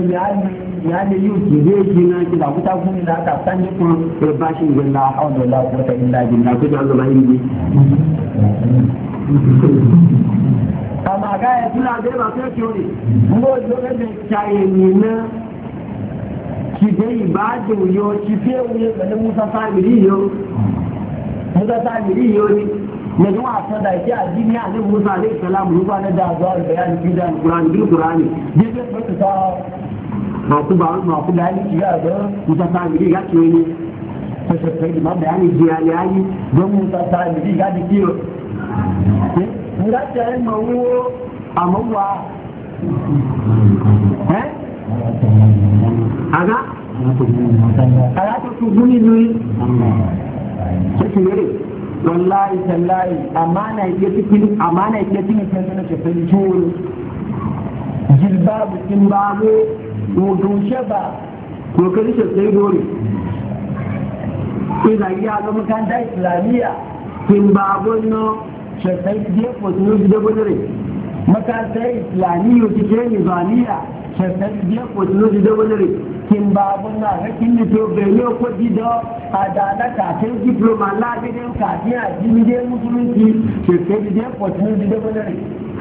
náà ya ne yau ki zai na ki ba kuta da ka san kun da ba shi ga la hawla da ba yi amma ga ya tuna ba sai ki mu zo ga da ni na ki dai ba yo ki fe wuye da Musa sabiri yo Musa sabiri yo ne zuwa ta da ke addini a nan Musa alaihi salam ruwa na da zuwa bayani kidan Qur'ani bil Qur'ani dai ta masu ba masu gani ya ga musa ta mi ga ce ne ta ta da ni ji ali ali don musa ta mi ga di kiyo ne ga ta ma wo amawa eh aga aga to su guni ni sai ne wallahi tallahi amana cikin amana ya cikin sai na ce sai jilbabu kin babu mutum shafa kokarin shi sai dole ina iya ga makaranta islamiyya kin ba gwanno shafai je ko tunu da gwanare makaranta islamiyya kike nizamiya shafai je ko tunu da gwanare kin ba gwanno ga kin ne to bele ko da adala ka diploma la gidan ka a jimide musulunci shafai je ko tunu da gwanare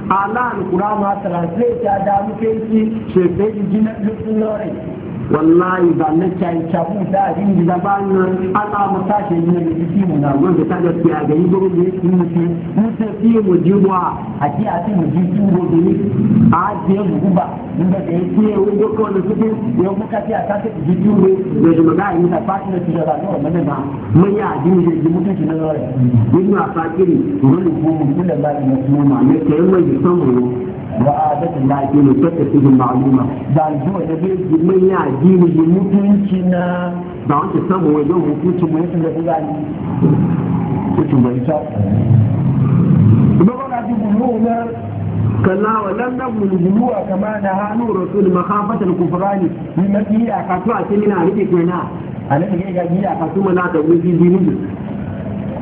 aláàrùn kùrá máa tàrà sí èdè se ṣègbè ìjìnlẹ̀ lókùn lọ́rẹ̀ wallahi ba na cayi cabu da abin gida ba nan ala mu tashi ne da kiki mu na wanda ta gaskiya ga yi gobe ne in mu ce mu ce fi mu a ji a ce mu ji su gobe ne a je mu guba inda da ya ce wani doko da suke ya muka a tashi ji su gobe da shi magana yi ta fashi da su da ba nawa ne ba mun ya ji mu ji mutunci na nawa yin na fakiri wani kuma mun da ba ne mu ne ke yi mai san mu وعادة الله يقول تكتب المعلومة بل هو نبي من يعجيني بمتنكنا بعد سمو يدوه كنت ميسل لأولاني كنت ميسل بقول عبد الجمهور كلا ولم نبل الجموع كما نهى نور رسول مخافة الكفران لمكيه أكثر سمنا هدفنا أنا أجي أجي أكثر منا تقول في دينه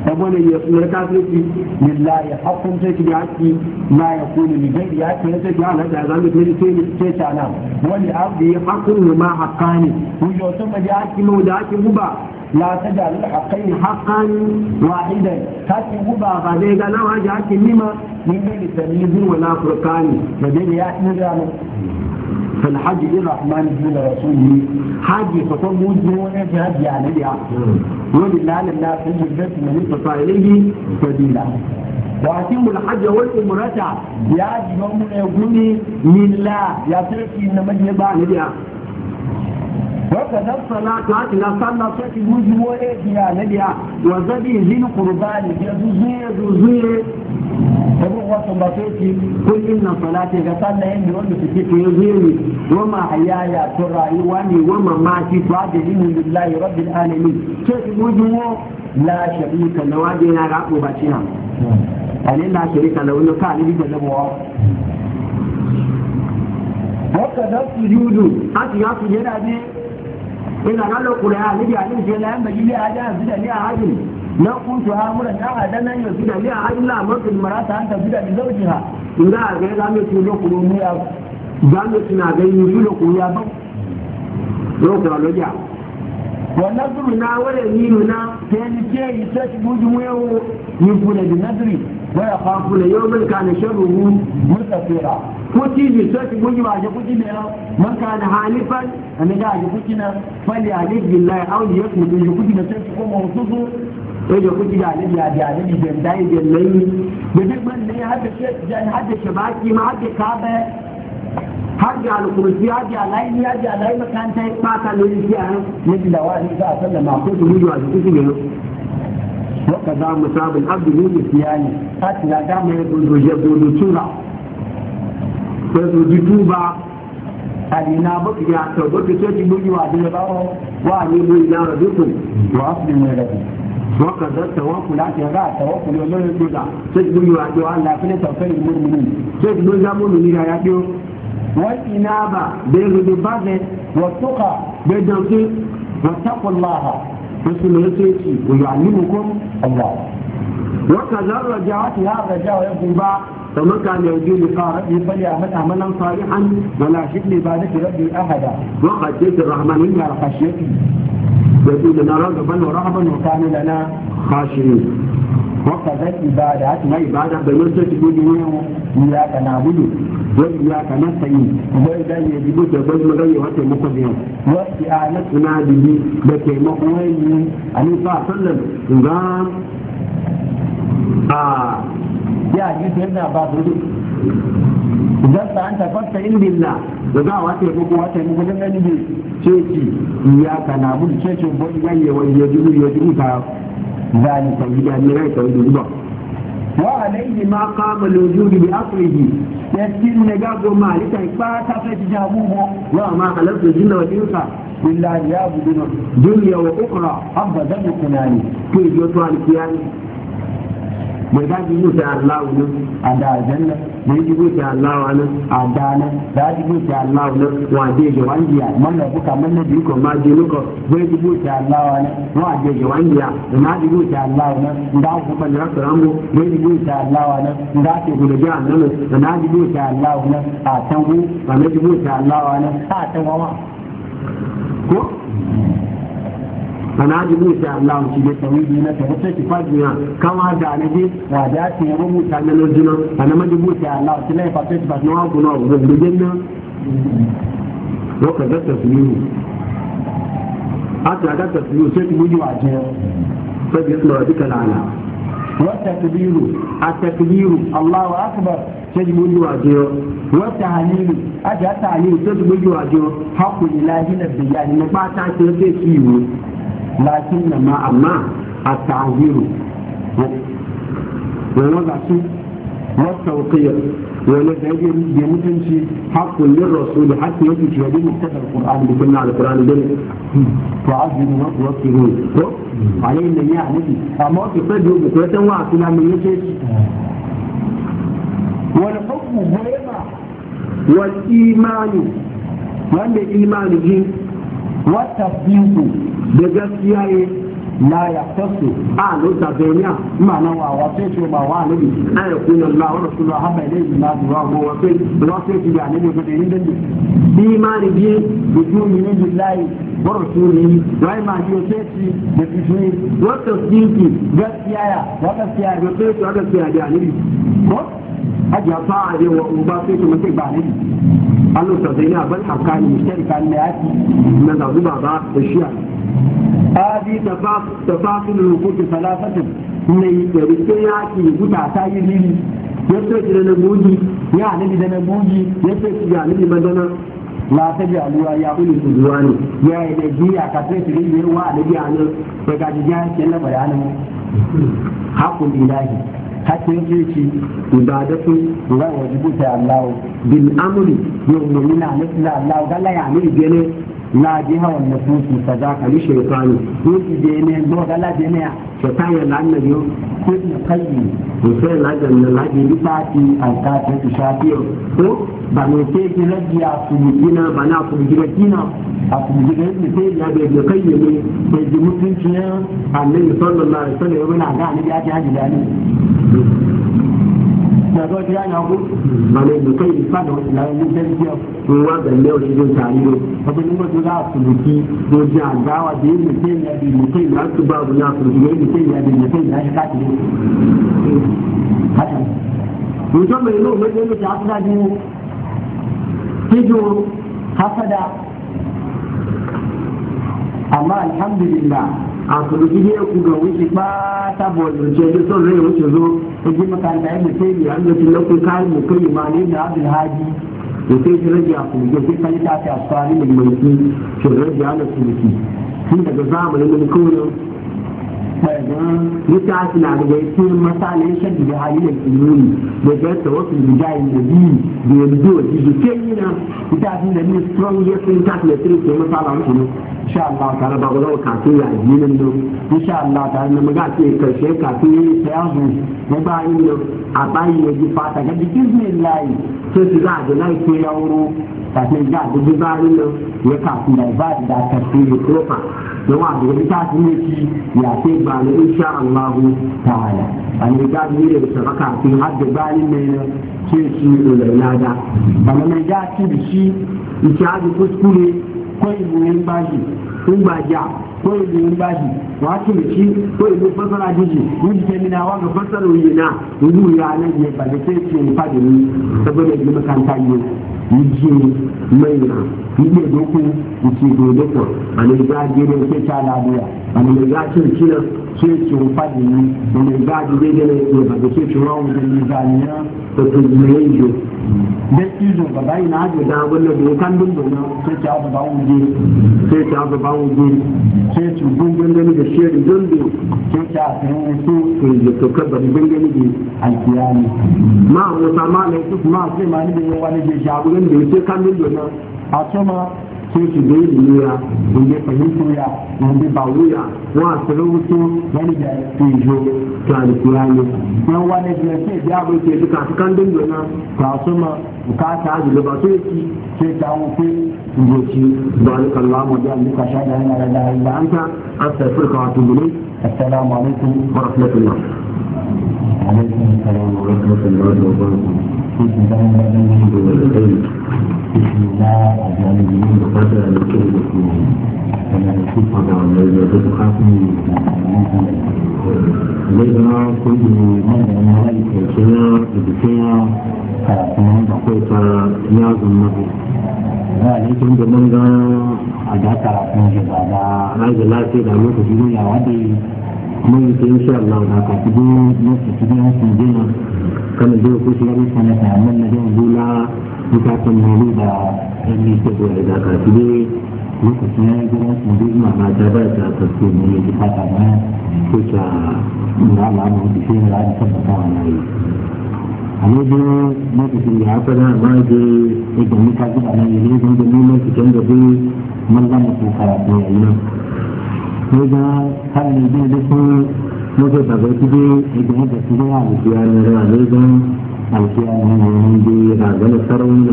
saboda ya tsura kafirci lillahi hakkun sai ki yaki ma ya kunu ni bai yaki ne sai ki ala da zama da sai ni ke ta na wani abdi hakkun ma hakkani wujo to ma yaki mu da yaki guba لا تجعل الحقين حقا واحدا تاتي غبا غادي قال انا واجي حكي مما من بين التمييز ولا فرقان بدل يا ايران فالحج الى الرحمن دون رسوله حج فقل موجود وانا في هدي يعني يا ولله لله في البيت من استطاع اليه سبيلا واتم الحج والأمرة يا جمهور يقولي لله يا تركي انما يبان لله wata dafsala ta ila sanna sai mu ji wo e biya ne biya wa zabi zin qurbani ya zuzuye kuma wato ba sai ki kullin na salati ga sanna yin da wanda kike ki zuye ne kuma hayaya to rayuwa ne kuma ma ki fa da lin lillahi rabbil alamin sai mu ji wo la sharika na wa dina ga ko ba cin ani la sharika la wannan kali bi da lawa haka da sujudu a ti ya sujudu ina ga lo kula ali ya ni je la ba ya ja zu da ni a haji na ku to ha mura da ha dan nan yanzu da ni a haji la ma kun mara ta ta zu da ni zauji ha ina ga ga mi ku lo ya ga ku lo kula ba lo kula lo ja wannan duru na wale ni na ke ni ke yi ta ci buji mu yau ni wa ya fa ku le yau min ka ne sharu mu mutafira kuti bi so ki buji ba ji kuti ne man ka da halifan an da ji kuti na fali alif billahi aw ji yusmu bi ji kuti na sai ko mu tuzu ko ji kuti da alif ya da alif da dai da lai da duk man ne hadda shi jan hadda shabaki ma hadda kaba har da alkursi har da alaini har da alai makanta ba ka lori shi a nan da wani za a sallama ko ji buji ba ji kuti ne وكذا مصاب العبد من نسيانه حتى لا دام يدود يدود سوره pẹ̀lú dídúba àdìyàn abókìrì àtọ̀ bókè tó ti gbójú àdìyàn bá wọn wà nílùú ìlànà dípò wà á fi rìn rẹ̀ wọ́n kàn tó tẹ̀wọ́n kù láti ẹ̀rọ àtẹ̀wọ́n kù ní olóyè gbọ́dà tó ti gbójú àjọ aláfẹ́lẹ́ tọ̀fẹ́ ìmúlùmí tó ti gbójú amúlùmí rẹ̀ yàgbé wọ́n ti náà bà bẹ́ẹ̀ lóde bá bẹ wọ́n tó kà bẹ́ẹ̀ dán sí wọ́n kamar ka ne wajen lifa rabi fali a hada manan fari an wala shi ne ba nake rabi hada don hajje ki rahman yin yara fashiyati da su da na raga ban wa rahman wa kame da na fashiyi wata ibada a tuma ibada da yin sai cikin gini yawon iya ka na gudu don iya ka na sayi kuma idan ya bi duka don mu rage wata mukan yau wata a na da taimakon a nufa sallan ya hadisi yadda ba su duk idan sa an tafarta in billah da za a wata yi kuma wata yi kuma don gani ne ceci ya ka na mun cecin ya ganye wani ya dubu ya dubu ta zani ta gida ne rai ta wani Ba wa alaihi ma qama lujudi bi asrihi yakin ne ga go ma lita ba ta fa ji jabu mo wa ma khalaqtu jinna wa insa billahi ya buduna dunya wa ukhra abadan kunani to yo to alkiyani mai ba ji yi Allah wani a da aljanna mai ji yuta Allah wani a da na da ji yuta Allah wani wa je je wangiya manna buka manna bi ko ma je luko mai ji yuta Allah wani wa je je wangiya ma ji yuta Allah wani da ku ban rasu rango zai ji yuta Allah wani da ke gudu ja nan da na ji yuta Allah wani a tangu ba mai ji yuta Allah wani a tanwawa ana ji mu Allah shi da tawidi na ta ta ki fajiya kama da alaji wa da ta yi rubuta na lojina ana ma ji Allah shi ne fa ta ba na ku na ku da jinna lokacin da tasbihu aka da tasbihu sai ku ji wa je fa bi isma rabbika ala wa takbiru at-takbiru Allahu akbar تجب الواجب وتعليل أجا تعليل تجب الواجب حق الإله نبيان مباتا تجب الواجب lakin na ma amma a ta'aziru wani za su wata wakiyar wani da yake da mutunci haƙƙun yin rasulu haƙƙun yake cewa da mutadar ƙur'ani kunna alƙur'ani da to aziru wa wakiru ko a yayin da amma wasu sai da ko san wa suna mai yake wani hukmu goyama wal imani wanda imani ji wata biyu da gaskiya la ya fasu a lota duniya ma'ana wa wato ce ba wa nabi a ya kuna la wa rasulu haba ilai bi na duwa go wato wato ce ga nabi ko da yin dande imani bi bujumi ni billahi wa rasuli wai ma ji ce ci da bishi wa tasdiki gaskiya ya wa gaskiya ga ce to gaskiya ko fa ba ta ne yaki na ba هذه تفاصيل الوقود ثلاثة من يرسيات يقطع تايرين يسوي لنا موجي يعني لنا موجي يسوي يعني لنا la ta ji aluwa ya kuli su zuwa ne ya yi da jiya ka sai su rige wa da biya nan ya gaji jiya ke na bayanin hakun ilahi hakin zuci ibadatu wa wajibu ta amri ya bene na ji hawan na tuki ta za ka ya shaitani tuki je ne dogala je ne shaitan ya lanna biyu ko na kai to sai lagan na lajin lifati a ka ta ki shafiyo ko ba mai ke ki lagiya su bikina ba na su bikina kina a su bikina ne sai ya bai da kai ne sai ji mutuncin ya annabi sallallahu alaihi wasallam ya bana ga ni ya ji haji da ni gbàgbọ́ ti yáyà kú màmá ìlú kẹ́ ìfàdọ̀ ìlànà ilé jẹ́ díẹ̀ fún wa bẹ̀lẹ́ òṣèlú tààrí o ọdún nígbà tó dá àtùrùkí mo jẹ àgbà wa dé ìlú kẹ́ ìyá di ìlú kẹ́ ìyá tó bá òun ní àtùrùkí ìlú kẹ́ ìyá di ìlú kẹ́ ìyá ṣe káàkiri. ìjọba ìlú òmìnira ti àfúdá di kíjú hasada amma alhamdulillah a kudu ne ku ga wuce ba ta bolance da son rai wuce zo ta ji makaranta yadda sai biya an zafi na kayan mu kai ma ne da abin haji da sai shi rage a kuruki sai kan ta fi asfari mai shi rage ana kuruki tun daga zamanin mulkunan littafi na daga yake misalin shan da hali da kinoni da gaisa wasu rigayen da biyu da yanzu wa jiji ke yi na littafi da ni strong yes in tafi da tiri ke misala muku ne insha Allah tare da wani kafin ya yi nan da insha Allah tare da maga ce karshe kafin ya yi ta yazo na bayan da a bayan ya ji fata ga jikin zai layi sai su za a ji layi ya wuro kafin ga dubu zarin nan ya kafin da ba da tafsiri kofa don a dubu ta su ne ki ya ce ba na insha Allah ta'ala an yi ga ne da saba kafin har da bayin ne na ce shi ulana da ba na mai ga ci da shi ki haɗu kuskure ko yi muyin bashi sun ba ja ko yi biyun bashi wa kilici ko yi biyun fasara jiji mun ji kemina wa ga fasara yi na yanzu ya nan ne ba da sai ce ni fadi ni saboda yi makanta yi yi ji mai na yi ne doku yi ci dodo a ne za a ke ta labiya a ne za cin cinan cecin fadini da mai zaji daidai da yake ba da cecin rawun da mai da tuzmiyar jo don izo na ajiye da abin a yi to da alkiyami ma a musamman da ya kusa ma sai ma da yawa ne ke shagulan da a sama sai su da ilimiya da ya fahimta ya wanda ba wuya wa a tsira wuto wani da su yi jo ta alkiya ne yan wani da ke biya bai ke duka su kan dindona ta su ma bukata azulu ba sai ki sai ta wuce goci da alkallama da alika sha da yana da da an ta astagfirka wa tubulai assalamu alaikum wa rahmatullah عليكم السلام ورحمة الله وبركاته بسم الله الرحمن الرحيم بسم الله الرحمن الرحيم وقد أنكر بكم كما يشوف هذا الليل وتتخافني الليل كل مرة من رأيك الشيء بكيا فمن بقيت يعظم النبي ذلك عند من ذا أدعك رحمه الله لا يجب أن يكون هناك mun yi insha Allah da ka ku dai nasu ku dai su jina kana dai ku shi ne sana ta amma na dai dula buka ta mali da in ni ta dole da ka ku dai lokacin ya gina su dai ma ba ta ba ta ta ku ne ki ta ma ko ta na la mu di shi ne ta ta na yi amma dai lokacin ya fara ba dai idan muka gina ne ne dan da mu lokacin da dai mun lamu ko karatu yayin وإذا كان البيت مجد بيته إذا هذا سيدي على الكيان رأيضا الكيان عندي رأيضا السرون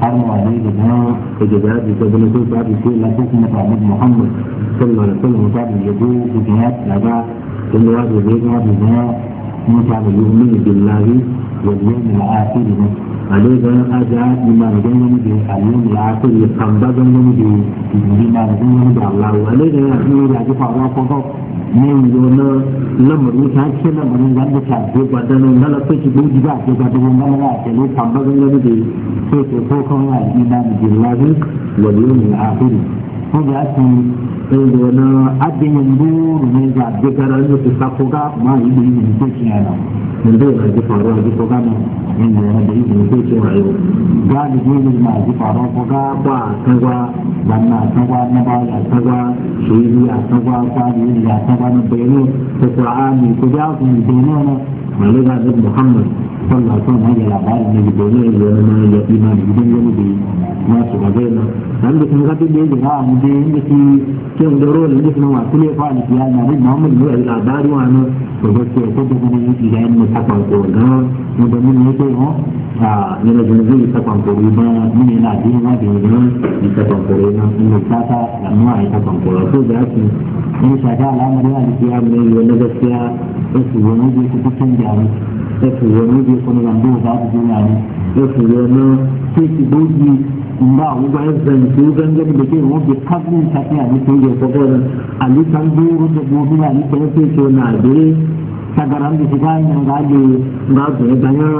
حرم عليه لنا إجداد بسبب نسوس بعد الشيء لا تسمى تعبد محمد صلى الله عليه وسلم وتعب اليهود وجهات الأعداء كل واحد يبيع بنا من تعب يؤمن بالله واليوم الآخر alezan aja imanadun wani da aliyu ya ko ya kambazan wani da imanadun wani da da ji ne yo na lamarin ta ce lamarin da ta ce gwadanin na lafi ki buji ba ce na ne da ke ko kan ya هذا أسم إذا أدين النور من ذا ذكر اللي تسافوكا ما يبي يمسكني أنا من ذا ذا فارو ذا فوكا من ذا ذا يبي يمسكني أنا قال يجي لي ما ذا فارو فوكا با كوا لما كوا نبا يا كوا شيء يا كوا قال يا كوا نبيني تسرعان كجاز من بيننا ولذا ذا محمد صلى الله عليه وسلم هذا الأخبار من بيننا اللي ما يبي da inda ke kyan da ruwan da suna wasu ne fa alfiya na bin muhammad yi labari wa nan da ba su yadda da kuma yi da yin ta kwanko ga na da mun yake ho a yana da zai ta kwanko ba mun yana da yin yi yin yi ta kwanko na mun ta ta da mu ai ta kwanko so da su mun shaka al'amari a alfiya mun yi wani gaskiya su wani zai su cikin jami'a su wani zai kuma lambu za su jina ne su wani sai ki bogi ba mu ba zan da ke mu kafin ta ta yi ta yi ta gani alisan duru da gobe a yi ta yi ta na be ta garan da shiga yin ga ne ga su ya ganya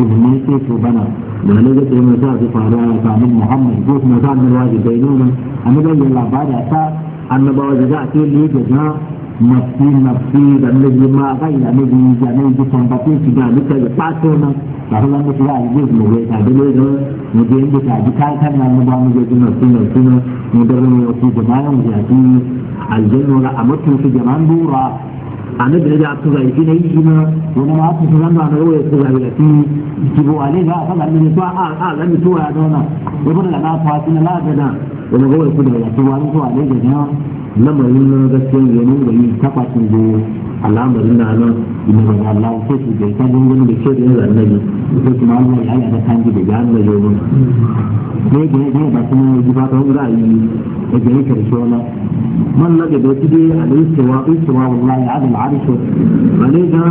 izini ta to bana da ne zai taimaka ta su faru a samun muhammad ko kuma ta annabawa da bai nuna a midan yin labari a ta annabawa da za a ce ne da na nafsi nafsi da miji ma bai da miji yi miji tambatin shi da duka ya fato nan da Allah mu ya yi mu bai ta da ne mu je inda ta ji kan kan nan ba mu je ji nafsi nafsi nan mu da mu ya ci jama'a mu ya ci aljanna la amatu fi jama'an dura annabi da aka zai ne shi ma wani ma da zai ale ga ne to a a zai to ya dona wani da na fa na la da wani gawar su da yakin wani zuwa ne da na lamarin na gaskiya ya nuna yi tabbacin da al'amarin na nan ina da Allah sai su da ta gungun da ke da yanzu annabi sai kuma Allah ya yi da kanji da ya annabi ne ne da ne ba kuma yi ba ta wani ra'ayi da ga yake da shona man na da dai dai al-istiwa istiwa wallahi ala al-arsh bale ga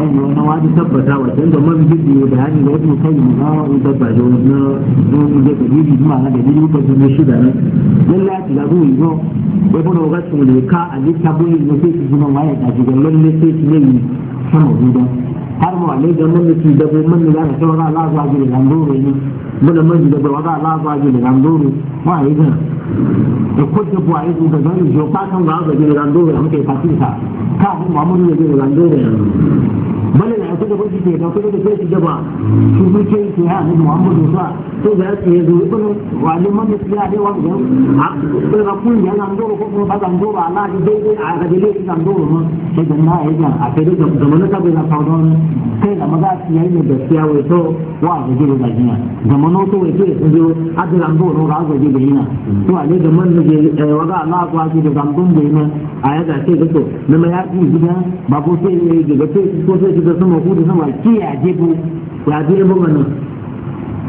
ai wani wani tabbata wa dan da man bidi da hani da wani kai mu ga da ba da wani da da bidi ma na da bidi ko ne shi da nan lalla ki da ruwa yo wai bono ga ne ka ali tabu ne sai ki ji man waye da ji lalle sai ne sama duba har mu ne da mun ki da bai mun da ta wala Allah ba ji da ndoro ne mun mun da bai wala Allah ba ji da ndoro ma yi ga da kuɗi ba yi da zan jo ka kan ba ji da ndoro mun kai fati ta ka mu ma mun da da ndoro bale na ku da kuɗi ke da kuɗi da ke da ba shi ne ke ke ha mu ne Muhammadu sa to da ke zo ibn wali mun da ya da wanda ha ko da kun ya ndoro ko ko ba ndoro Allah ji dai dai a ga dai ndoro mun sai da na yi da a kai da mun ka bai na fa'idon kai da maza su yayi ne gaskiya wai to wa ga gidi da jiya da mano to wai ke sun zo adiran do no ga gidi da ina to a ne da man ne wa ga Allah ko aki da eh, gangun da ina a ya da ce da to na maya ya gida ba ko sai ne ga sai ko sai da sama ku da sama ki ya je bu ya je bu mana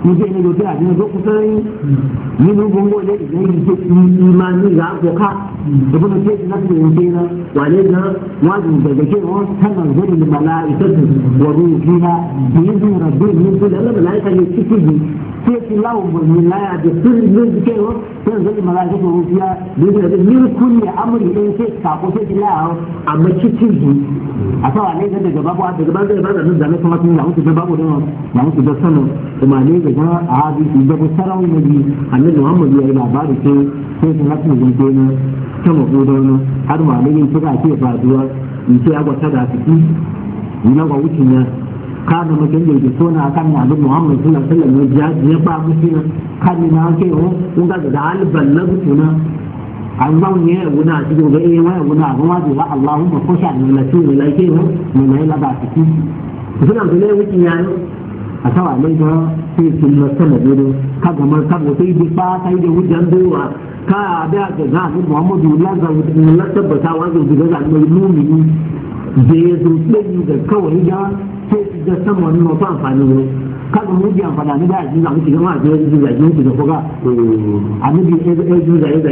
níbi ẹni lòdì àdínà tó kú sẹ́yìn nínú gbogbo ilé ìgbẹ́yìn tó ti máa ní ìyá àpò ìbọn tó ti láti lè ṣe iná wà lé gan wọn àti ìgbẹ̀gbẹ̀ kí wọn sábà gbọ́dọ̀ lè bàlá ìtọ́jú òkú ya èyí bí títí yìí tí ó ti láwọ̀ àti amúlì kàkó tó ti láàárọ̀ àmọ́ títí yìí bá bá bá ga hadisi da ku sarau ne bi annabi Muhammad ya yi labari ke sai sun hasu mun ke na ta mako da wani har ma ne yin tuka ke faduwa in ce ya gwata da su ni na ga wucin ya kana magan da ke sona kan annabi Muhammad sallallahu alaihi wasallam ya ya ba musu na kan na ke ho oh, kun ga da alban labu na Allah ne ya wuna a cikin ga eh waya wuna kuma da Allahumma kusha da lati ne lake ho mun yi labari suna da wucin ya ne àtàwọn àlejò tí èsì lọ sẹ́lẹ̀ lórí kágàmọ́ kágàmọ́ a ibi pa káyọ̀ wújà ń dúró wa ká abẹ́ àgbẹ̀gá àti muhammadu lásàbọ̀tà wà lóṣù lọ́sà lọ inú mi ní jẹ́yẹ̀dù lẹ́yìn rẹ̀ káwọ̀ yíyá tó ti jẹ́ sẹ́mọ̀ nínú ọ̀tọ́ àǹfààní rẹ̀ kágàmọ́ ó di àǹfààní àníbà àti àwọn kìlọ̀ wọn àti ẹ̀jú ìgbà yóò kìlọ̀ fọ́gà àníbi ẹ̀jú ìgbà yóò kìlọ̀ fọ́gà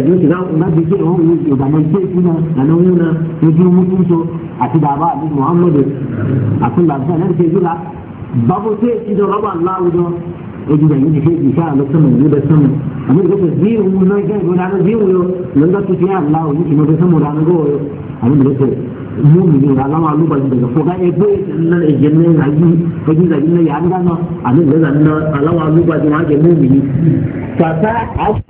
àti ìgbà wọn wọ́n ìgbàmọ̀ ìṣe ìfúnà nàná wọn na ojú mú tó àti bàbá àti muhammadu àti làbúrò àti ẹ̀jú babu sai shi da raba Allah wajo ya ji da yake shi isa a lokacin da da samu amma da kake zai mu na ga ga na zai mu nan da tuti Allah wajo kuma da samu da na go amma da kake mu ne da Allah ma lu ba da ko ga e bo nan e je ne na yi ko ji da ni ya ga na amma da nan Allah ma lu ba da ma ke mu ni ta ta